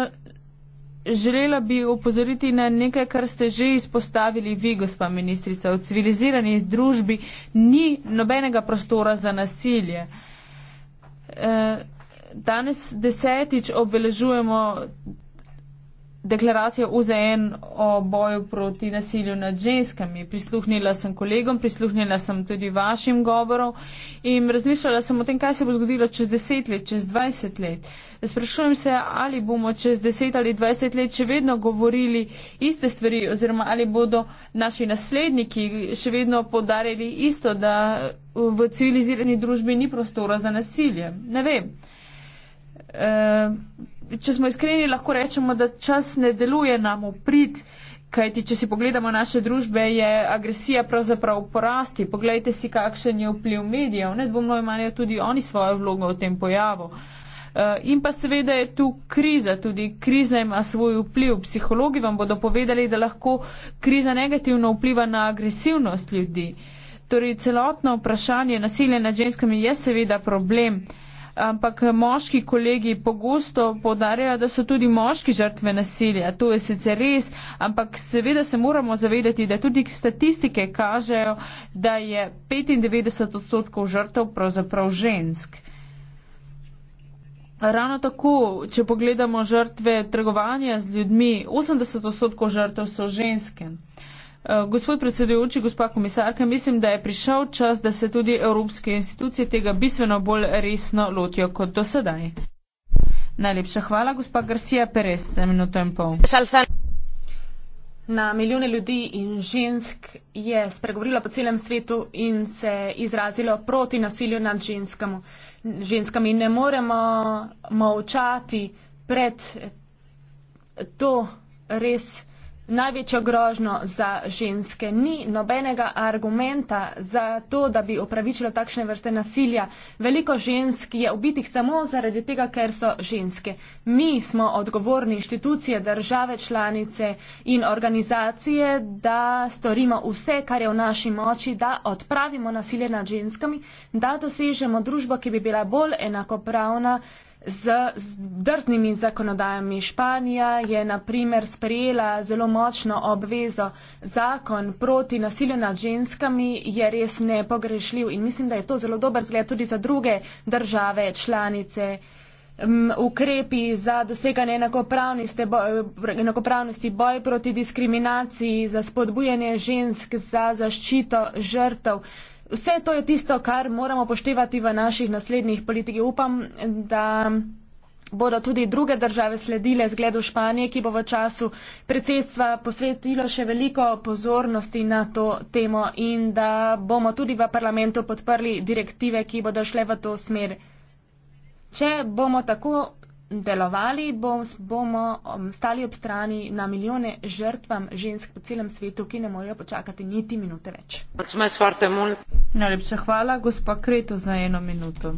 želela bi upozoriti na nekaj, kar ste že izpostavili vi, gospa ministrica. V civilizirani družbi ni nobenega prostora za nasilje. Eh, danes desetič obeležujemo deklaracijo UZN o boju proti nasilju nad ženskami. Prisluhnila sem kolegom, prisluhnila sem tudi vašim govorom in razmišljala sem o tem, kaj se bo zgodilo čez 10 let, čez 20 let. Sprašujem se, ali bomo čez 10 ali 20 let še vedno govorili iste stvari oziroma ali bodo naši nasledniki še vedno podarili isto, da v civilizirani družbi ni prostora za nasilje. Ne vem. E če smo iskreni, lahko rečemo, da čas ne deluje nam v prid, kajti če si pogledamo naše družbe, je agresija pravzaprav v porasti. Poglejte si, kakšen je vpliv medijev. Nedvomno imajo tudi oni svojo vlogo v tem pojavu. Eh, in pa seveda je tu kriza, tudi kriza ima svoj vpliv. Psihologi vam bodo povedali, da lahko kriza negativno vpliva na agresivnost ljudi. Torej, celotno vprašanje nasilja nad ženskami je seveda problem. Uh, ampak moški kolegi pogosto podarjajo, da so tudi moški žrtve nasilja. To je sicer res, ampak seveda se moramo zavedati, da tudi statistike kažejo, da je 95 odstotkov žrtev pravzaprav žensk. Ravno tako, če pogledamo žrtve trgovanja z ljudmi, 80 odstotkov žrtev so ženske. Uh, Eh, gospod predsedujoči, gospa komisarka, mislim, da je prišel čas, da se tudi evropske institucije tega bistveno bolj resno lotijo kot do sedaj. Najlepša hvala, gospa Garcia Perez, za minuto in pol. Na milijone ljudi in žensk je spregovorilo po celem svetu in se izrazilo proti nasilju nad ženskamo. ženskami. Ne moremo molčati pred to res največjo grožno za ženske. Ni nobenega argumenta za to, da bi upravičilo takšne vrste nasilja. Veliko žensk je ubitih samo zaradi tega, ker so ženske. Mi smo odgovorni inštitucije, države, članice in organizacije, da storimo vse, kar je v naši moči, da odpravimo nasilje nad ženskami, da dosežemo družbo, ki bi bila bolj enakopravna z, z drznimi zakonodajami. Španija je naprimer sprejela zelo močno obvezo. Zakon proti nasilju nad ženskami je res nepogrešljiv in mislim, da je to zelo dober zgled tudi za druge države članice. Ukrepi za doseganje enakopravnosti, boj, enakopravnosti, boj proti diskriminaciji, za spodbujanje žensk, za zaščito žrtev. Vse to je tisto, kar moramo poštevati v naših naslednjih politiki. Upam, da bodo tudi druge države sledile zgledu Španije, ki bo v času predsedstva posvetilo še veliko pozornosti na to temo in da bomo tudi v parlamentu podprli direktive, ki bodo šle v to smer. Če bomo tako delovali, bom, bomo um, stali ob strani na milijone žrtvam žensk po celem svetu, ki ne morejo počakati niti minute več. Najlepša hvala, gospa Kreto, za eno minuto.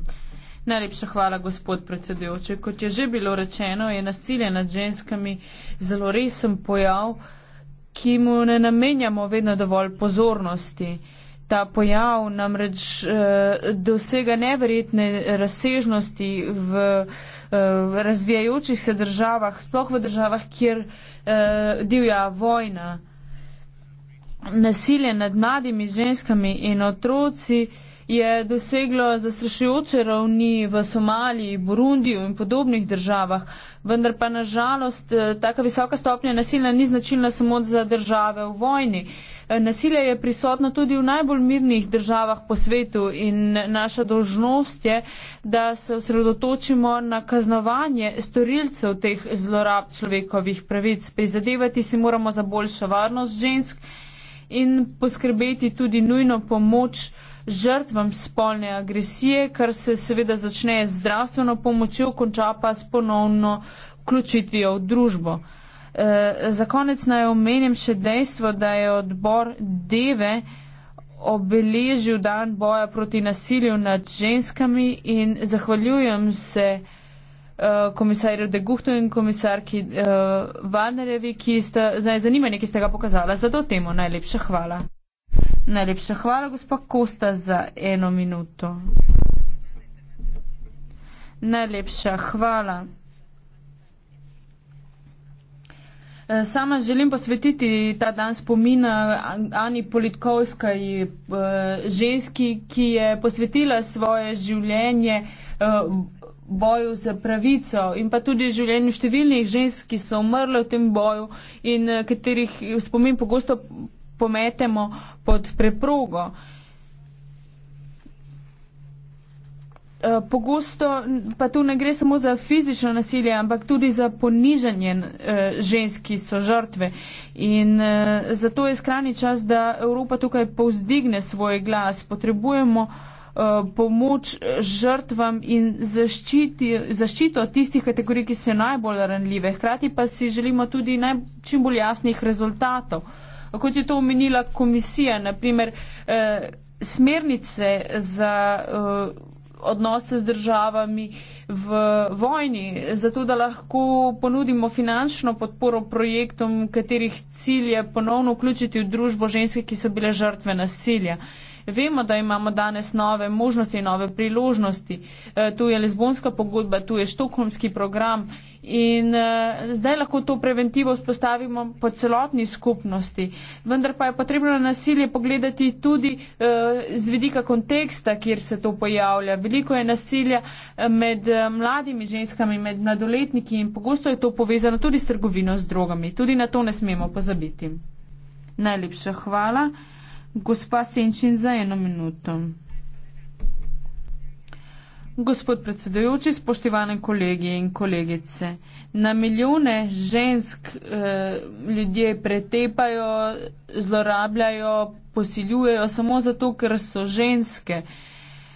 Najlepša hvala, gospod predsedujoči. Kot je že bilo rečeno, je nasilje nad ženskami zelo resen pojav, ki mu ne namenjamo vedno dovolj pozornosti ta pojav namreč uh, dosega neverjetne razsežnosti v uh, razvijajočih se državah, sploh v državah, kjer uh, divja vojna. Nasilje nad mladimi ženskami in otroci je doseglo zastrašujoče ravni v Somaliji, Burundiju in podobnih državah, vendar pa nažalost taka visoka stopnja nasilja ni značilna samo za države v vojni. Uh, nasilje je prisotno tudi v najbolj mirnih državah po svetu in naša dožnost je, da se osredotočimo na kaznovanje storilcev teh zlorab človekovih pravic. Prizadevati si moramo za boljšo varnost žensk in poskrbeti tudi nujno pomoč žrtvam spolne agresije, kar se seveda začne z zdravstveno pomočjo, konča pa s ponovno vključitvijo v družbo. Eh, za konec naj omenim še dejstvo, da je odbor Deve obeležil dan boja proti nasilju nad ženskami in zahvaljujem se eh, komisarju De Guhtu in komisarki uh, eh, Valnerevi, ki sta za zanimanje, ki ste ga pokazala za to temo. Najlepša hvala. Najlepša hvala, gospa Kosta, za eno minuto. Najlepša hvala. Eh, sama želim posvetiti ta dan spomina eh, Ani Politkovskaj, eh, ženski, ki je posvetila svoje življenje boju za pravico in pa tudi življenju številnih žensk, ki so umrle v tem boju in katerih spomin pogosto pometemo pod preprogo. Uh, Eh, pogosto, pa tu ne gre samo za fizično nasilje, ampak tudi za ponižanje eh, ženski so žrtve. In eh, zato je skrajni čas, da Evropa tukaj povzdigne svoj glas. Potrebujemo pomoč žrtvam in zaščiti, zaščito tistih kategorij, ki so najbolj ranljive. Hkrati pa si želimo tudi naj, čim bolj jasnih rezultatov. Kot je to omenila komisija, naprimer, eh, smernice za eh, odnose z državami v vojni, zato da lahko ponudimo finančno podporo projektom, katerih cilj je ponovno vključiti v družbo ženske, ki so bile žrtve nasilja. Vemo, da imamo danes nove možnosti, nove priložnosti. E, tu je Lizbonska pogodba, tu je Štokholmski program in e, zdaj lahko to preventivo spostavimo po celotni skupnosti. Vendar pa je potrebno nasilje pogledati tudi e, z vidika konteksta, kjer se to pojavlja. Veliko je nasilja med mladimi ženskami, med mladoletniki in pogosto je to povezano tudi s trgovino z drogami. Tudi na to ne smemo pozabiti. Najlepša hvala. Gospa Senčin za eno minuto. Gospod predsedujoči, spoštovane kolegi in kolegice, na milijone žensk eh, ljudje pretepajo, zlorabljajo, posiljujejo samo zato, ker so ženske.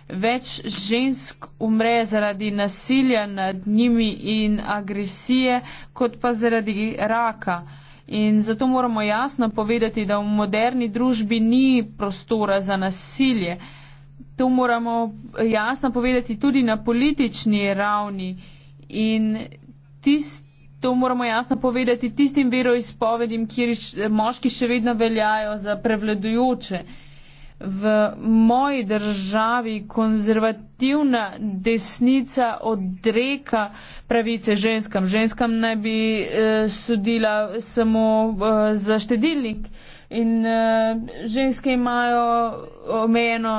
Več žensk umre zaradi nasilja nad njimi in agresije, kot pa zaradi raka. Eh, In zato moramo jasno povedati, da v moderni družbi ni prostora za nasilje. To moramo jasno povedati tudi na politični ravni in tist, to moramo jasno povedati tistim veroizpovedim, kjer moški še vedno veljajo za prevladujoče. Uh, v moji državi konzervativna desnica odreka pravice ženskam. Ženskam naj bi eh, sodila samo eh, za štedilnik in eh, ženske imajo omejeno,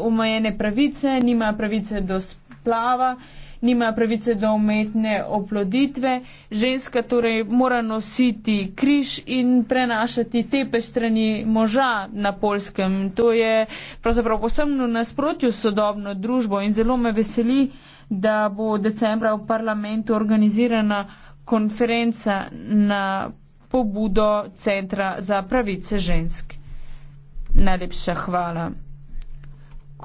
omejene pravice, nimajo pravice do splava. Eh, nima pravice do umetne oploditve. Ženska torej mora nositi križ in prenašati tepe strani moža na polskem. To je pravzaprav posebno nasprotju sodobno družbo in zelo me veseli, da bo decembra v parlamentu organizirana konferenca na pobudo Centra za pravice žensk. Najlepša hvala.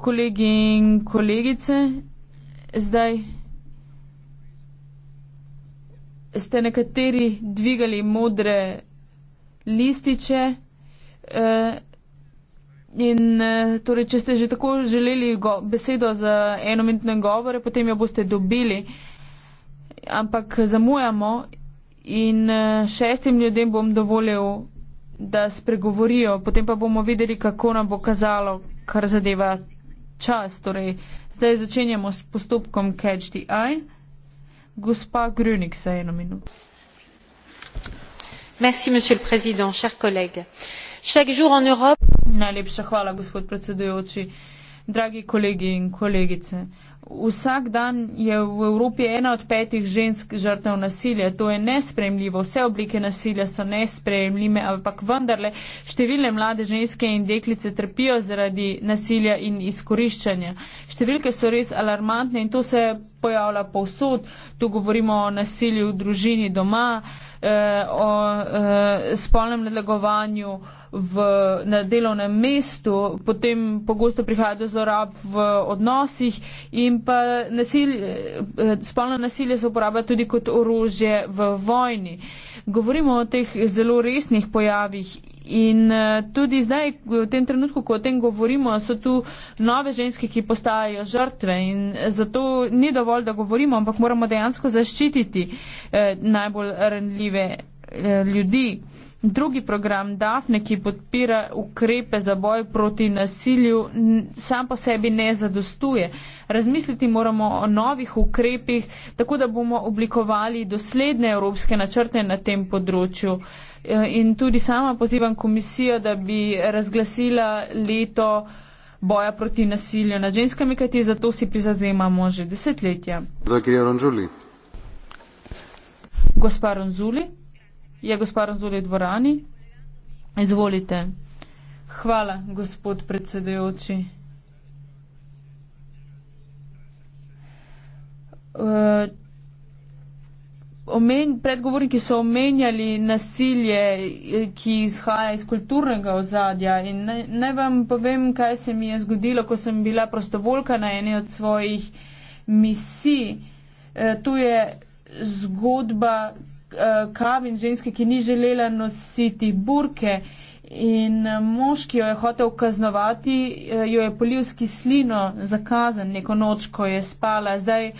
Kolegi in kolegice, zdaj ste nekateri dvigali modre lističe. Eh, in eh, torej, če ste že tako želeli go, besedo za enomintne govore, potem jo boste dobili. Ampak zamujamo in eh, šestim ljudem bom dovolil, da spregovorijo, potem pa bomo videli, kako nam bo kazalo, kar zadeva čas. Torej, zdaj začenjamo s postopkom catch the eye. Gospa Grönig za eno minuto. Merci, monsieur le président, chers collègues. Chaque jour en Europe. Najlepša hvala, gospod predsedujoči. Dragi kolegi in kolegice. Vsak dan je v Evropi ena od petih žensk žrtev nasilja. To je nespremljivo. Vse oblike nasilja so nespremljive, ampak vendarle številne mlade ženske in deklice trpijo zaradi nasilja in izkoriščanja. Številke so res alarmantne in to se pojavlja povsod. Tu govorimo o nasilju v družini doma eh, o eh, spolnem nadlegovanju v, na delovnem mestu, potem pogosto prihaja do zlorab v odnosih in pa nasilj, eh, spolno nasilje se uporablja tudi kot orožje v vojni. Govorimo o teh zelo resnih pojavih In eh, tudi zdaj, v tem trenutku, ko o tem govorimo, so tu nove ženske, ki postajajo žrtve in zato ni dovolj, da govorimo, ampak moramo dejansko zaščititi eh, najbolj ranljive eh, ljudi. Drugi program DAFNE, ki podpira ukrepe za boj proti nasilju, sam po sebi ne zadostuje. Razmisliti moramo o novih ukrepih, tako da bomo oblikovali dosledne evropske načrte na tem področju. Uh, in tudi sama pozivam komisijo, da bi razglasila leto boja proti nasilju nad ženskami, kajti za to si prizadevamo že desetletja. Gospa Ronzuli. Gospa Ronzuli, je gospa Ronzuli v dvorani? Izvolite. Hvala, gospod predsedujoči. Uh, omen, predgovorniki so omenjali nasilje, eh, ki izhaja iz kulturnega ozadja. In naj, naj vam povem, kaj se mi je zgodilo, ko sem bila prostovoljka na eni od svojih misij. E, eh, tu je zgodba e, eh, kavin ženske, ki ni želela nositi burke. In mož, ki jo je hotel kaznovati, jo je polil s kislino za kazen neko noč, ko je spala. Zdaj,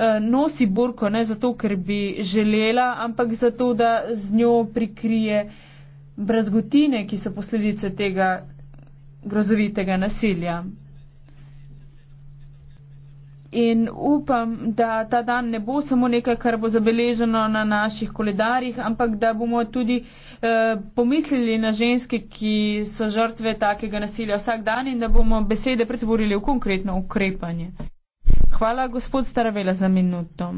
Eh, nosi burko ne zato, ker bi želela, ampak zato, da z njo prikrije brazgotine, ki so posledice tega grozovitega nasilja. In upam, da ta dan ne bo samo nekaj, kar bo zabeleženo na naših koledarjih, ampak da bomo tudi eh, pomislili na ženske, ki so žrtve takega nasilja vsak dan in da bomo besede pretvorili v konkretno ukrepanje. Hvala, gospod Staravela, za minuto.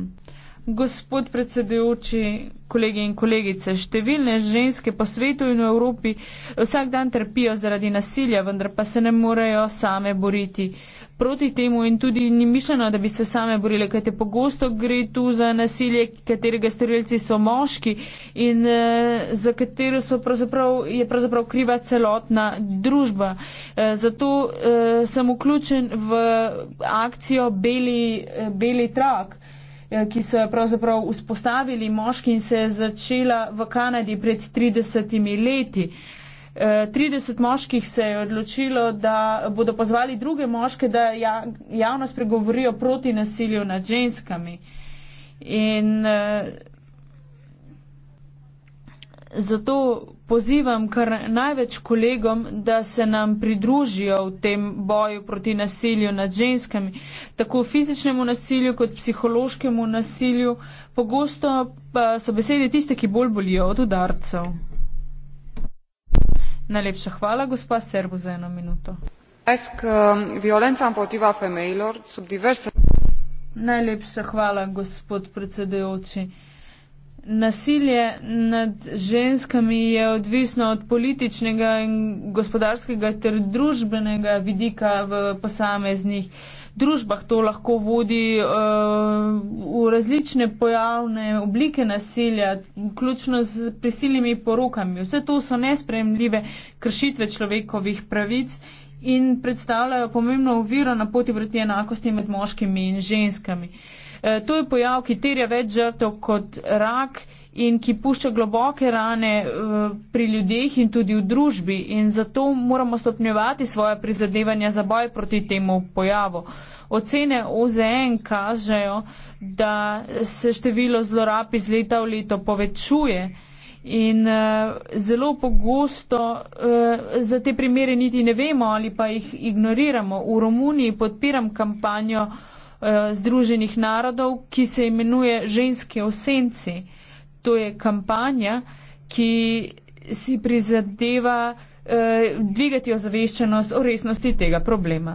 Gospod predsedujoči, kolegi in kolegice, številne ženske po svetu in v Evropi vsak dan trpijo zaradi nasilja, vendar pa se ne morejo same boriti proti temu in tudi ni mišljeno, da bi se same borile, kaj te pogosto gre tu za nasilje, katerega storilci so moški in eh, za katero pravzaprav, je pravzaprav kriva celotna družba. Eh, zato eh, sem vključen v akcijo Beli, Beli trak ki so jo pravzaprav vzpostavili moški in se je začela v Kanadi pred 30 leti. Uh, 30 eh, moških se je odločilo, da bodo pozvali druge moške, da ja, javnost pregovorijo proti nasilju nad ženskami. In eh, zato pozivam kar največ kolegom, da se nam pridružijo v tem boju proti nasilju nad ženskami, tako fizičnemu nasilju kot psihološkemu nasilju. Pogosto pa eh, so besede tiste, ki bolj bolijo od udarcev. Najlepša hvala, gospa Serbu, za eno minuto. Esk, um, violenca protiva femeilor sub diverse. Najlepša hvala, gospod predsedujoči. Nasilje nad ženskami je odvisno od političnega in gospodarskega ter družbenega vidika v posameznih uh, družbah to lahko vodi uh, v različne pojavne oblike nasilja, vključno z prisilnimi porokami. Vse to so nespremljive kršitve človekovih pravic in predstavljajo pomembno oviro na poti proti enakosti med moškimi in ženskami. Uh, E, to je pojav, ki terja več žrtev kot rak in ki pušča globoke rane e, pri ljudeh in tudi v družbi. In zato moramo stopnjevati svoje prizadevanja za boj proti temu pojavu. Ocene OZN kažejo, da se število zlorab iz leta v leto povečuje. In uh, zelo pogosto uh, za te primere niti ne vemo ali pa jih ignoriramo. V Romuniji podpiram kampanjo uh, Eh, Združenih narodov, ki se imenuje Ženske v senci. To je kampanja, ki si prizadeva eh, dvigati ozaveščenost o resnosti tega problema.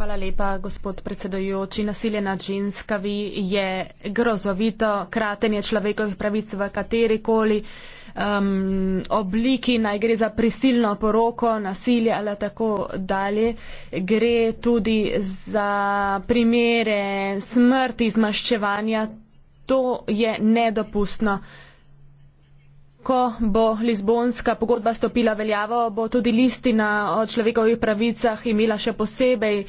Hvala lepa, gospod predsedojoči. Nasilje nad ženskami je grozovito kratenje človekovih pravic v katerikoli koli um, obliki, naj gre za prisilno poroko, nasilje ali tako dalje. Gre tudi za primere smrti, zmaščevanja. To je nedopustno. Ko bo Lizbonska pogodba stopila veljavo, bo tudi listina o človekovih pravicah imela še posebej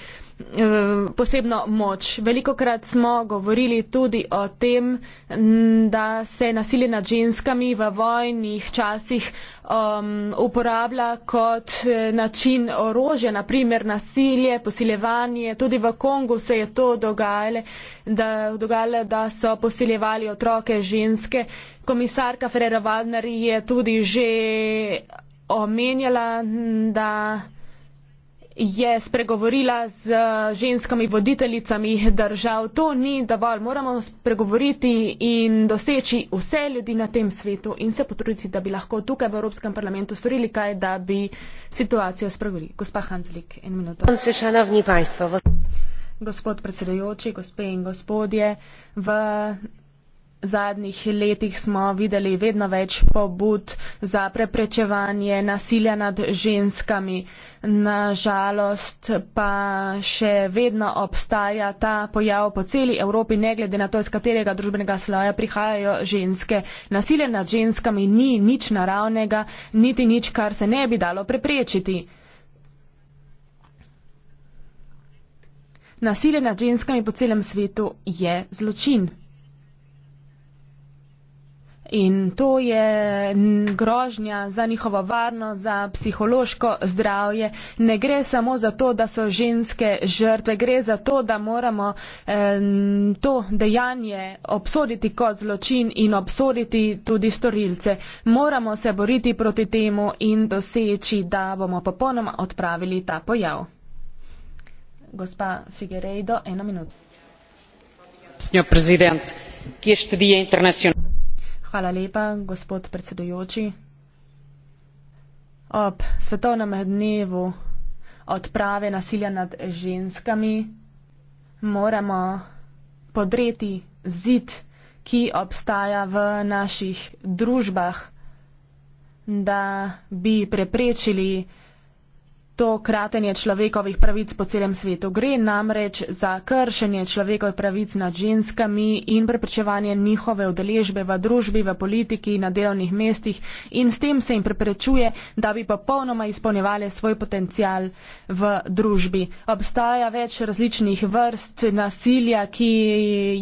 Eh, posebno moč. Veliko krat smo govorili tudi o tem, da se nasilje nad ženskami v vojnih časih um, uporablja kot eh, način orožja, naprimer nasilje, posiljevanje. Tudi v Kongu se je to dogajalo, da, dogajalo, da so posiljevali otroke ženske. Komisarka Ferrero Valdner je tudi že omenjala, da je spregovorila z eh, ženskami voditeljicami držav. To ni dovolj. Moramo spregovoriti in doseči vse ljudi na tem svetu in se potruditi, da bi lahko tukaj v Evropskem parlamentu storili kaj, da bi situacijo spregovorili. Gospa Hanzlik, en minuto. Gospod predsedujoči, gospe in gospodje, v V zadnjih letih smo videli vedno več pobud za preprečevanje nasilja nad ženskami. Nažalost pa še vedno obstaja ta pojav po celi Evropi, ne glede na to, iz katerega družbenega sloja prihajajo ženske. Nasilje nad ženskami ni nič naravnega, niti nič, kar se ne bi dalo preprečiti. Nasilje nad ženskami po celem svetu je zločin. In to je grožnja za njihovo varnost, za psihološko zdravje. Ne gre samo za to, da so ženske žrtve, gre za to, da moramo eh, to dejanje obsoditi kot zločin in obsoditi tudi storilce. Moramo se boriti proti temu in doseči, da bomo popolnoma odpravili ta pojav. Gospa Figueiredo, eno minuto. Gospod predsednik, kje ste vi internacionalni? Hvala lepa, gospod predsedujoči. Ob svetovnem dnevu odprave nasilja nad ženskami moramo podreti zid, ki obstaja v naših družbah, da bi preprečili To kratenje človekovih pravic po celem svetu gre namreč za kršenje človekovih pravic nad ženskami in preprečevanje njihove udeležbe v družbi, v politiki, na delovnih mestih in s tem se jim preprečuje, da bi popolnoma izpolnjevali svoj potencial v družbi. Obstaja več različnih vrst nasilja, ki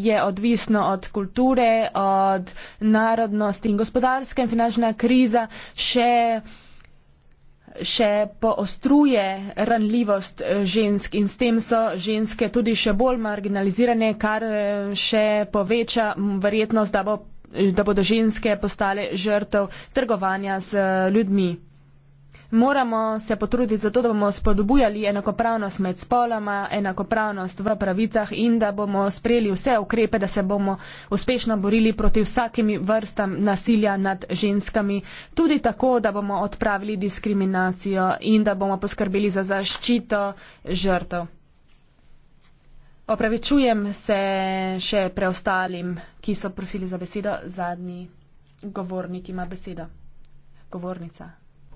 je odvisno od kulture, od narodnosti in gospodarske in finančna kriza še še poostruje ranljivost eh, žensk in s tem so ženske tudi še bolj marginalizirane, kar eh, še poveča verjetnost, da, bo, da bodo ženske postale žrtev trgovanja z eh, ljudmi moramo se potruditi za to, da bomo spodbujali enakopravnost med spoloma, enakopravnost v pravicah in da bomo sprejeli vse ukrepe, da se bomo uspešno borili proti vsakimi vrstam nasilja nad ženskami, tudi tako, da bomo odpravili diskriminacijo in da bomo poskrbeli za zaščito žrtev. Opravičujem se še preostalim, ki so prosili za besedo. Zadnji govornik ima besedo. Govornica.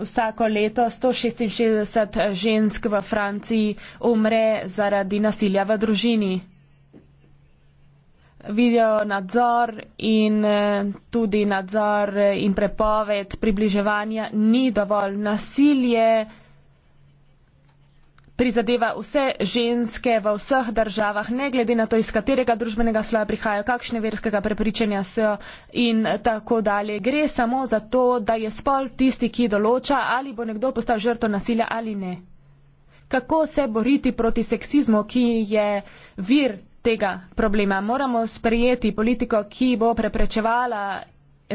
vsako leto 166 žensk v Franciji umre zaradi nasilja v družini. Video nadzor in eh, tudi nadzor in prepoved približevanja ni dovolj. Nasilje prizadeva vse ženske v vseh državah, ne glede na to, iz katerega družbenega sloja prihajajo, kakšne verskega prepričanja so in tako dalje. Gre samo za to, da je spol tisti, ki določa, ali bo nekdo postal žrtvo nasilja ali ne. Kako se boriti proti seksizmu, ki je vir tega problema? Moramo sprejeti politiko, ki bo preprečevala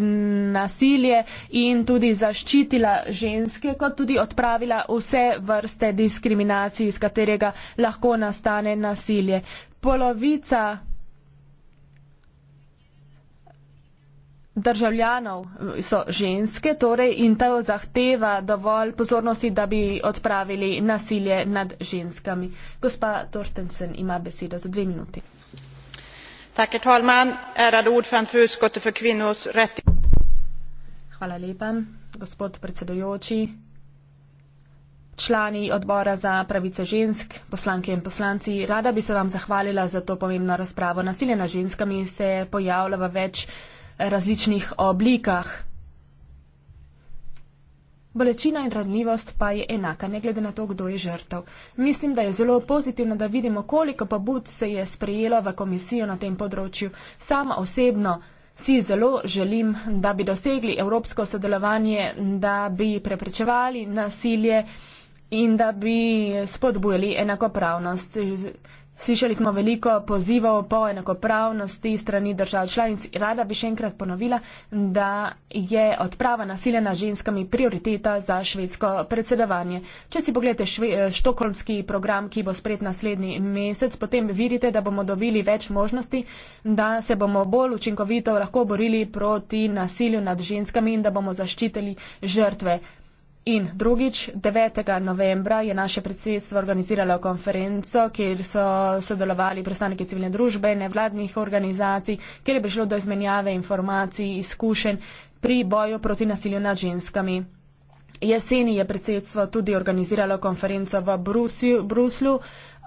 nasilje in tudi zaščitila ženske, kot tudi odpravila vse vrste diskriminacij, iz katerega lahko nastane nasilje. Polovica državljanov so ženske, torej in ta zahteva dovolj pozornosti, da bi odpravili nasilje nad ženskami. Gospa Torstensen ima besedo za dve minuti. Hvala lepa, gospod predsedujoči, člani odbora za pravice žensk, poslanke in poslanci. Rada bi se vam zahvalila za to pomembno razpravo. Nasilje nad ženskami se pojavlja v več eh, različnih oblikah. Bolečina in ranljivost pa je enaka, ne glede na to, kdo je žrtev. Mislim, da je zelo pozitivno, da vidimo, koliko pobud se je sprejelo v komisijo na tem področju. Sama osebno si zelo želim, da bi dosegli evropsko sodelovanje, da bi preprečevali nasilje in da bi spodbujali enakopravnost. Slišali smo veliko pozivov po enakopravnosti strani držav članic. Rada bi še enkrat ponovila, da je odprava nasilja nad ženskami prioriteta za švedsko predsedovanje. Če si pogledate eh, štokholmski program, ki bo spred naslednji mesec, potem vidite, da bomo dobili več možnosti, da se bomo bolj učinkovito lahko borili proti nasilju nad ženskami in da bomo zaščitili žrtve. In drugič, 9. novembra je naše predsedstvo organiziralo konferenco, kjer so sodelovali predstavniki civilne družbe, nevladnih organizacij, kjer je prišlo do izmenjave informacij, izkušenj pri boju proti nasilju nad ženskami. Jeseni je predsedstvo tudi organiziralo konferenco v Bruslju. Bruslju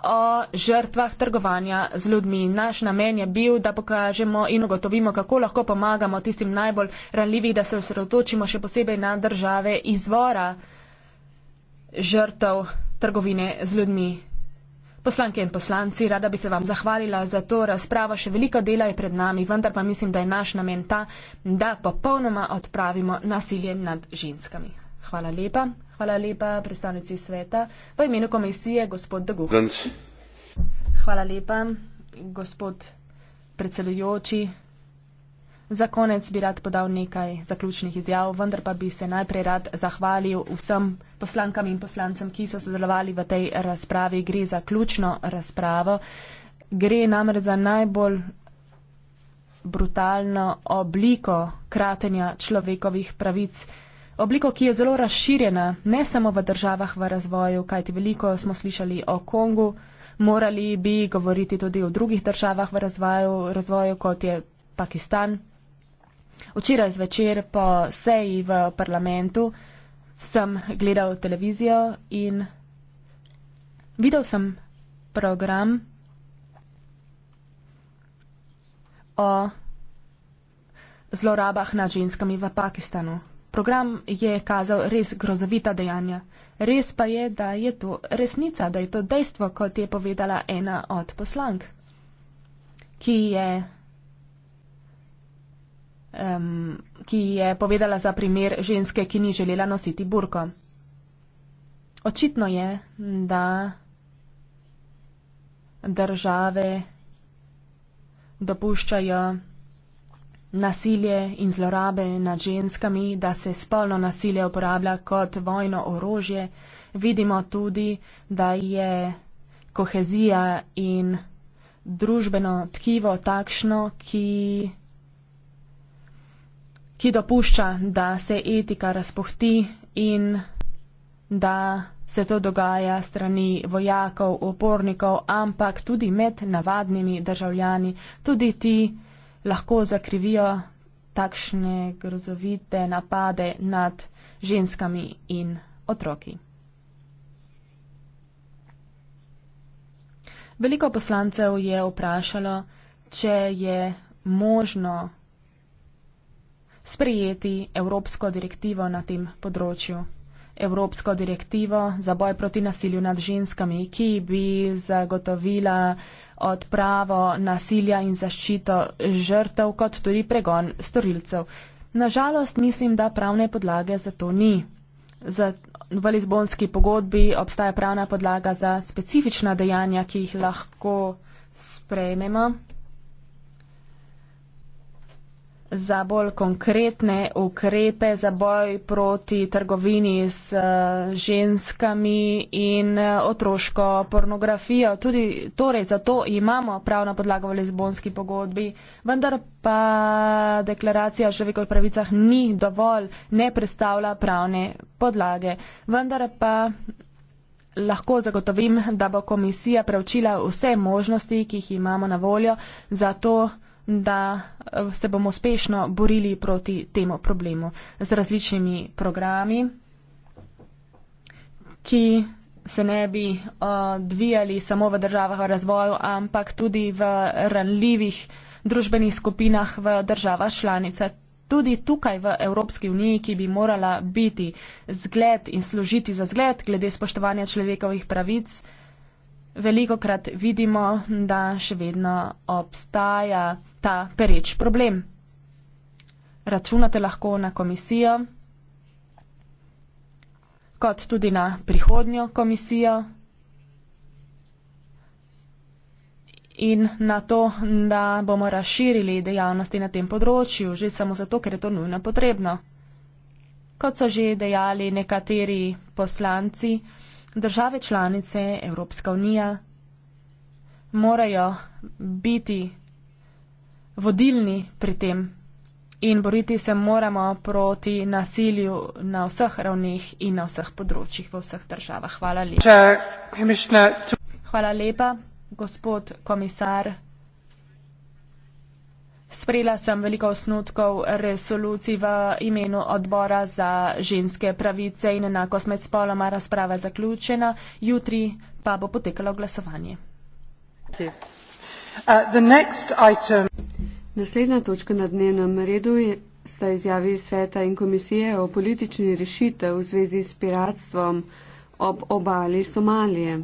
o žrtvah trgovanja z ljudmi. Naš namen je bil, da pokažemo in ugotovimo, kako lahko pomagamo tistim najbolj ranljivih, da se osredotočimo še posebej na države izvora žrtev trgovine z ljudmi. Poslanke in poslanci, rada bi se vam zahvalila za to razpravo. Še veliko dela je pred nami, vendar pa mislim, da je naš namen ta, da popolnoma odpravimo nasilje nad ženskami. Hvala lepa. Hvala lepa predstavnici sveta. V imenu komisije, gospod Dagoh. Hvala lepa, gospod predsedujoči. Za konec bi rad podal nekaj zaključnih izjav, vendar pa bi se najprej rad zahvalil vsem poslankam in poslancem, ki so sodelovali v tej razpravi. Gre za ključno razpravo. Gre namreč za najbolj brutalno obliko kratenja človekovih pravic obliko, ki je zelo razširjena, ne samo v državah v razvoju, kajti veliko smo slišali o Kongu, morali bi govoriti tudi o drugih državah v razvoju, razvoju kot je Pakistan. Včeraj zvečer po seji v parlamentu sem gledal televizijo in videl sem program o zlorabah nad ženskami v Pakistanu. Program je kazal res grozovita dejanja. Res pa je, da je to resnica, da je to dejstvo, kot je povedala ena od poslank, ki je, um, ki je povedala za primer ženske, ki ni želela nositi burko. Očitno je, da države dopuščajo nasilje in zlorabe nad ženskami, da se spolno nasilje uporablja kot vojno orožje. Vidimo tudi, da je kohezija in družbeno tkivo takšno, ki, ki dopušča, da se etika razpohti in da se to dogaja strani vojakov, opornikov, ampak tudi med navadnimi državljani, tudi ti, ki lahko zakrivijo takšne grozovite napade nad ženskami in otroki. Veliko poslancev je vprašalo, če je možno sprejeti evropsko direktivo na tem področju. Evropsko direktivo za boj proti nasilju nad ženskami, ki bi zagotovila odpravo nasilja in zaščito žrtev, kot tudi pregon storilcev. Nažalost, mislim, da pravne podlage za to ni. Za V Lizbonski pogodbi obstaja pravna podlaga za specifična dejanja, ki jih lahko sprejmemo za bolj konkretne ukrepe za boj proti trgovini s eh, ženskami in eh, otroško pornografijo. Tudi torej, zato imamo pravno podlago v Lizbonski pogodbi, vendar pa deklaracija o človekovih pravicah ni dovolj, ne predstavlja pravne podlage. Vendar pa lahko zagotovim, da bo komisija preučila vse možnosti, ki jih imamo na voljo, zato da eh, se bomo uspešno borili proti temu problemu z različnimi programi, ki se ne bi odvijali eh, samo v državah v razvoju, ampak tudi v ranljivih družbenih skupinah v državah članice. Tudi tukaj v Evropski uniji, ki bi morala biti zgled in služiti za zgled glede spoštovanja človekovih pravic, veliko krat vidimo, da še vedno obstaja ta pereč problem. Računate lahko na komisijo, kot tudi na prihodnjo komisijo in na to, da bomo razširili dejavnosti na tem področju, že samo zato, ker je to nujno potrebno. Kot so že dejali nekateri poslanci, države članice Evropska unija morajo biti vodilni pri tem. In boriti se moramo proti nasilju na vseh ravnih in na vseh področjih v vseh državah. Hvala lepa. Hvala lepa, gospod komisar. Sprejela sem veliko osnutkov resolucij v imenu odbora za ženske pravice in enakost med spoloma. Razprava je zaključena. Jutri pa bo potekalo glasovanje. Uh, Naslednja točka na dnevnem redu je, sta izjavi sveta in komisije o politični rešitev v zvezi s piratstvom ob obali Somalije.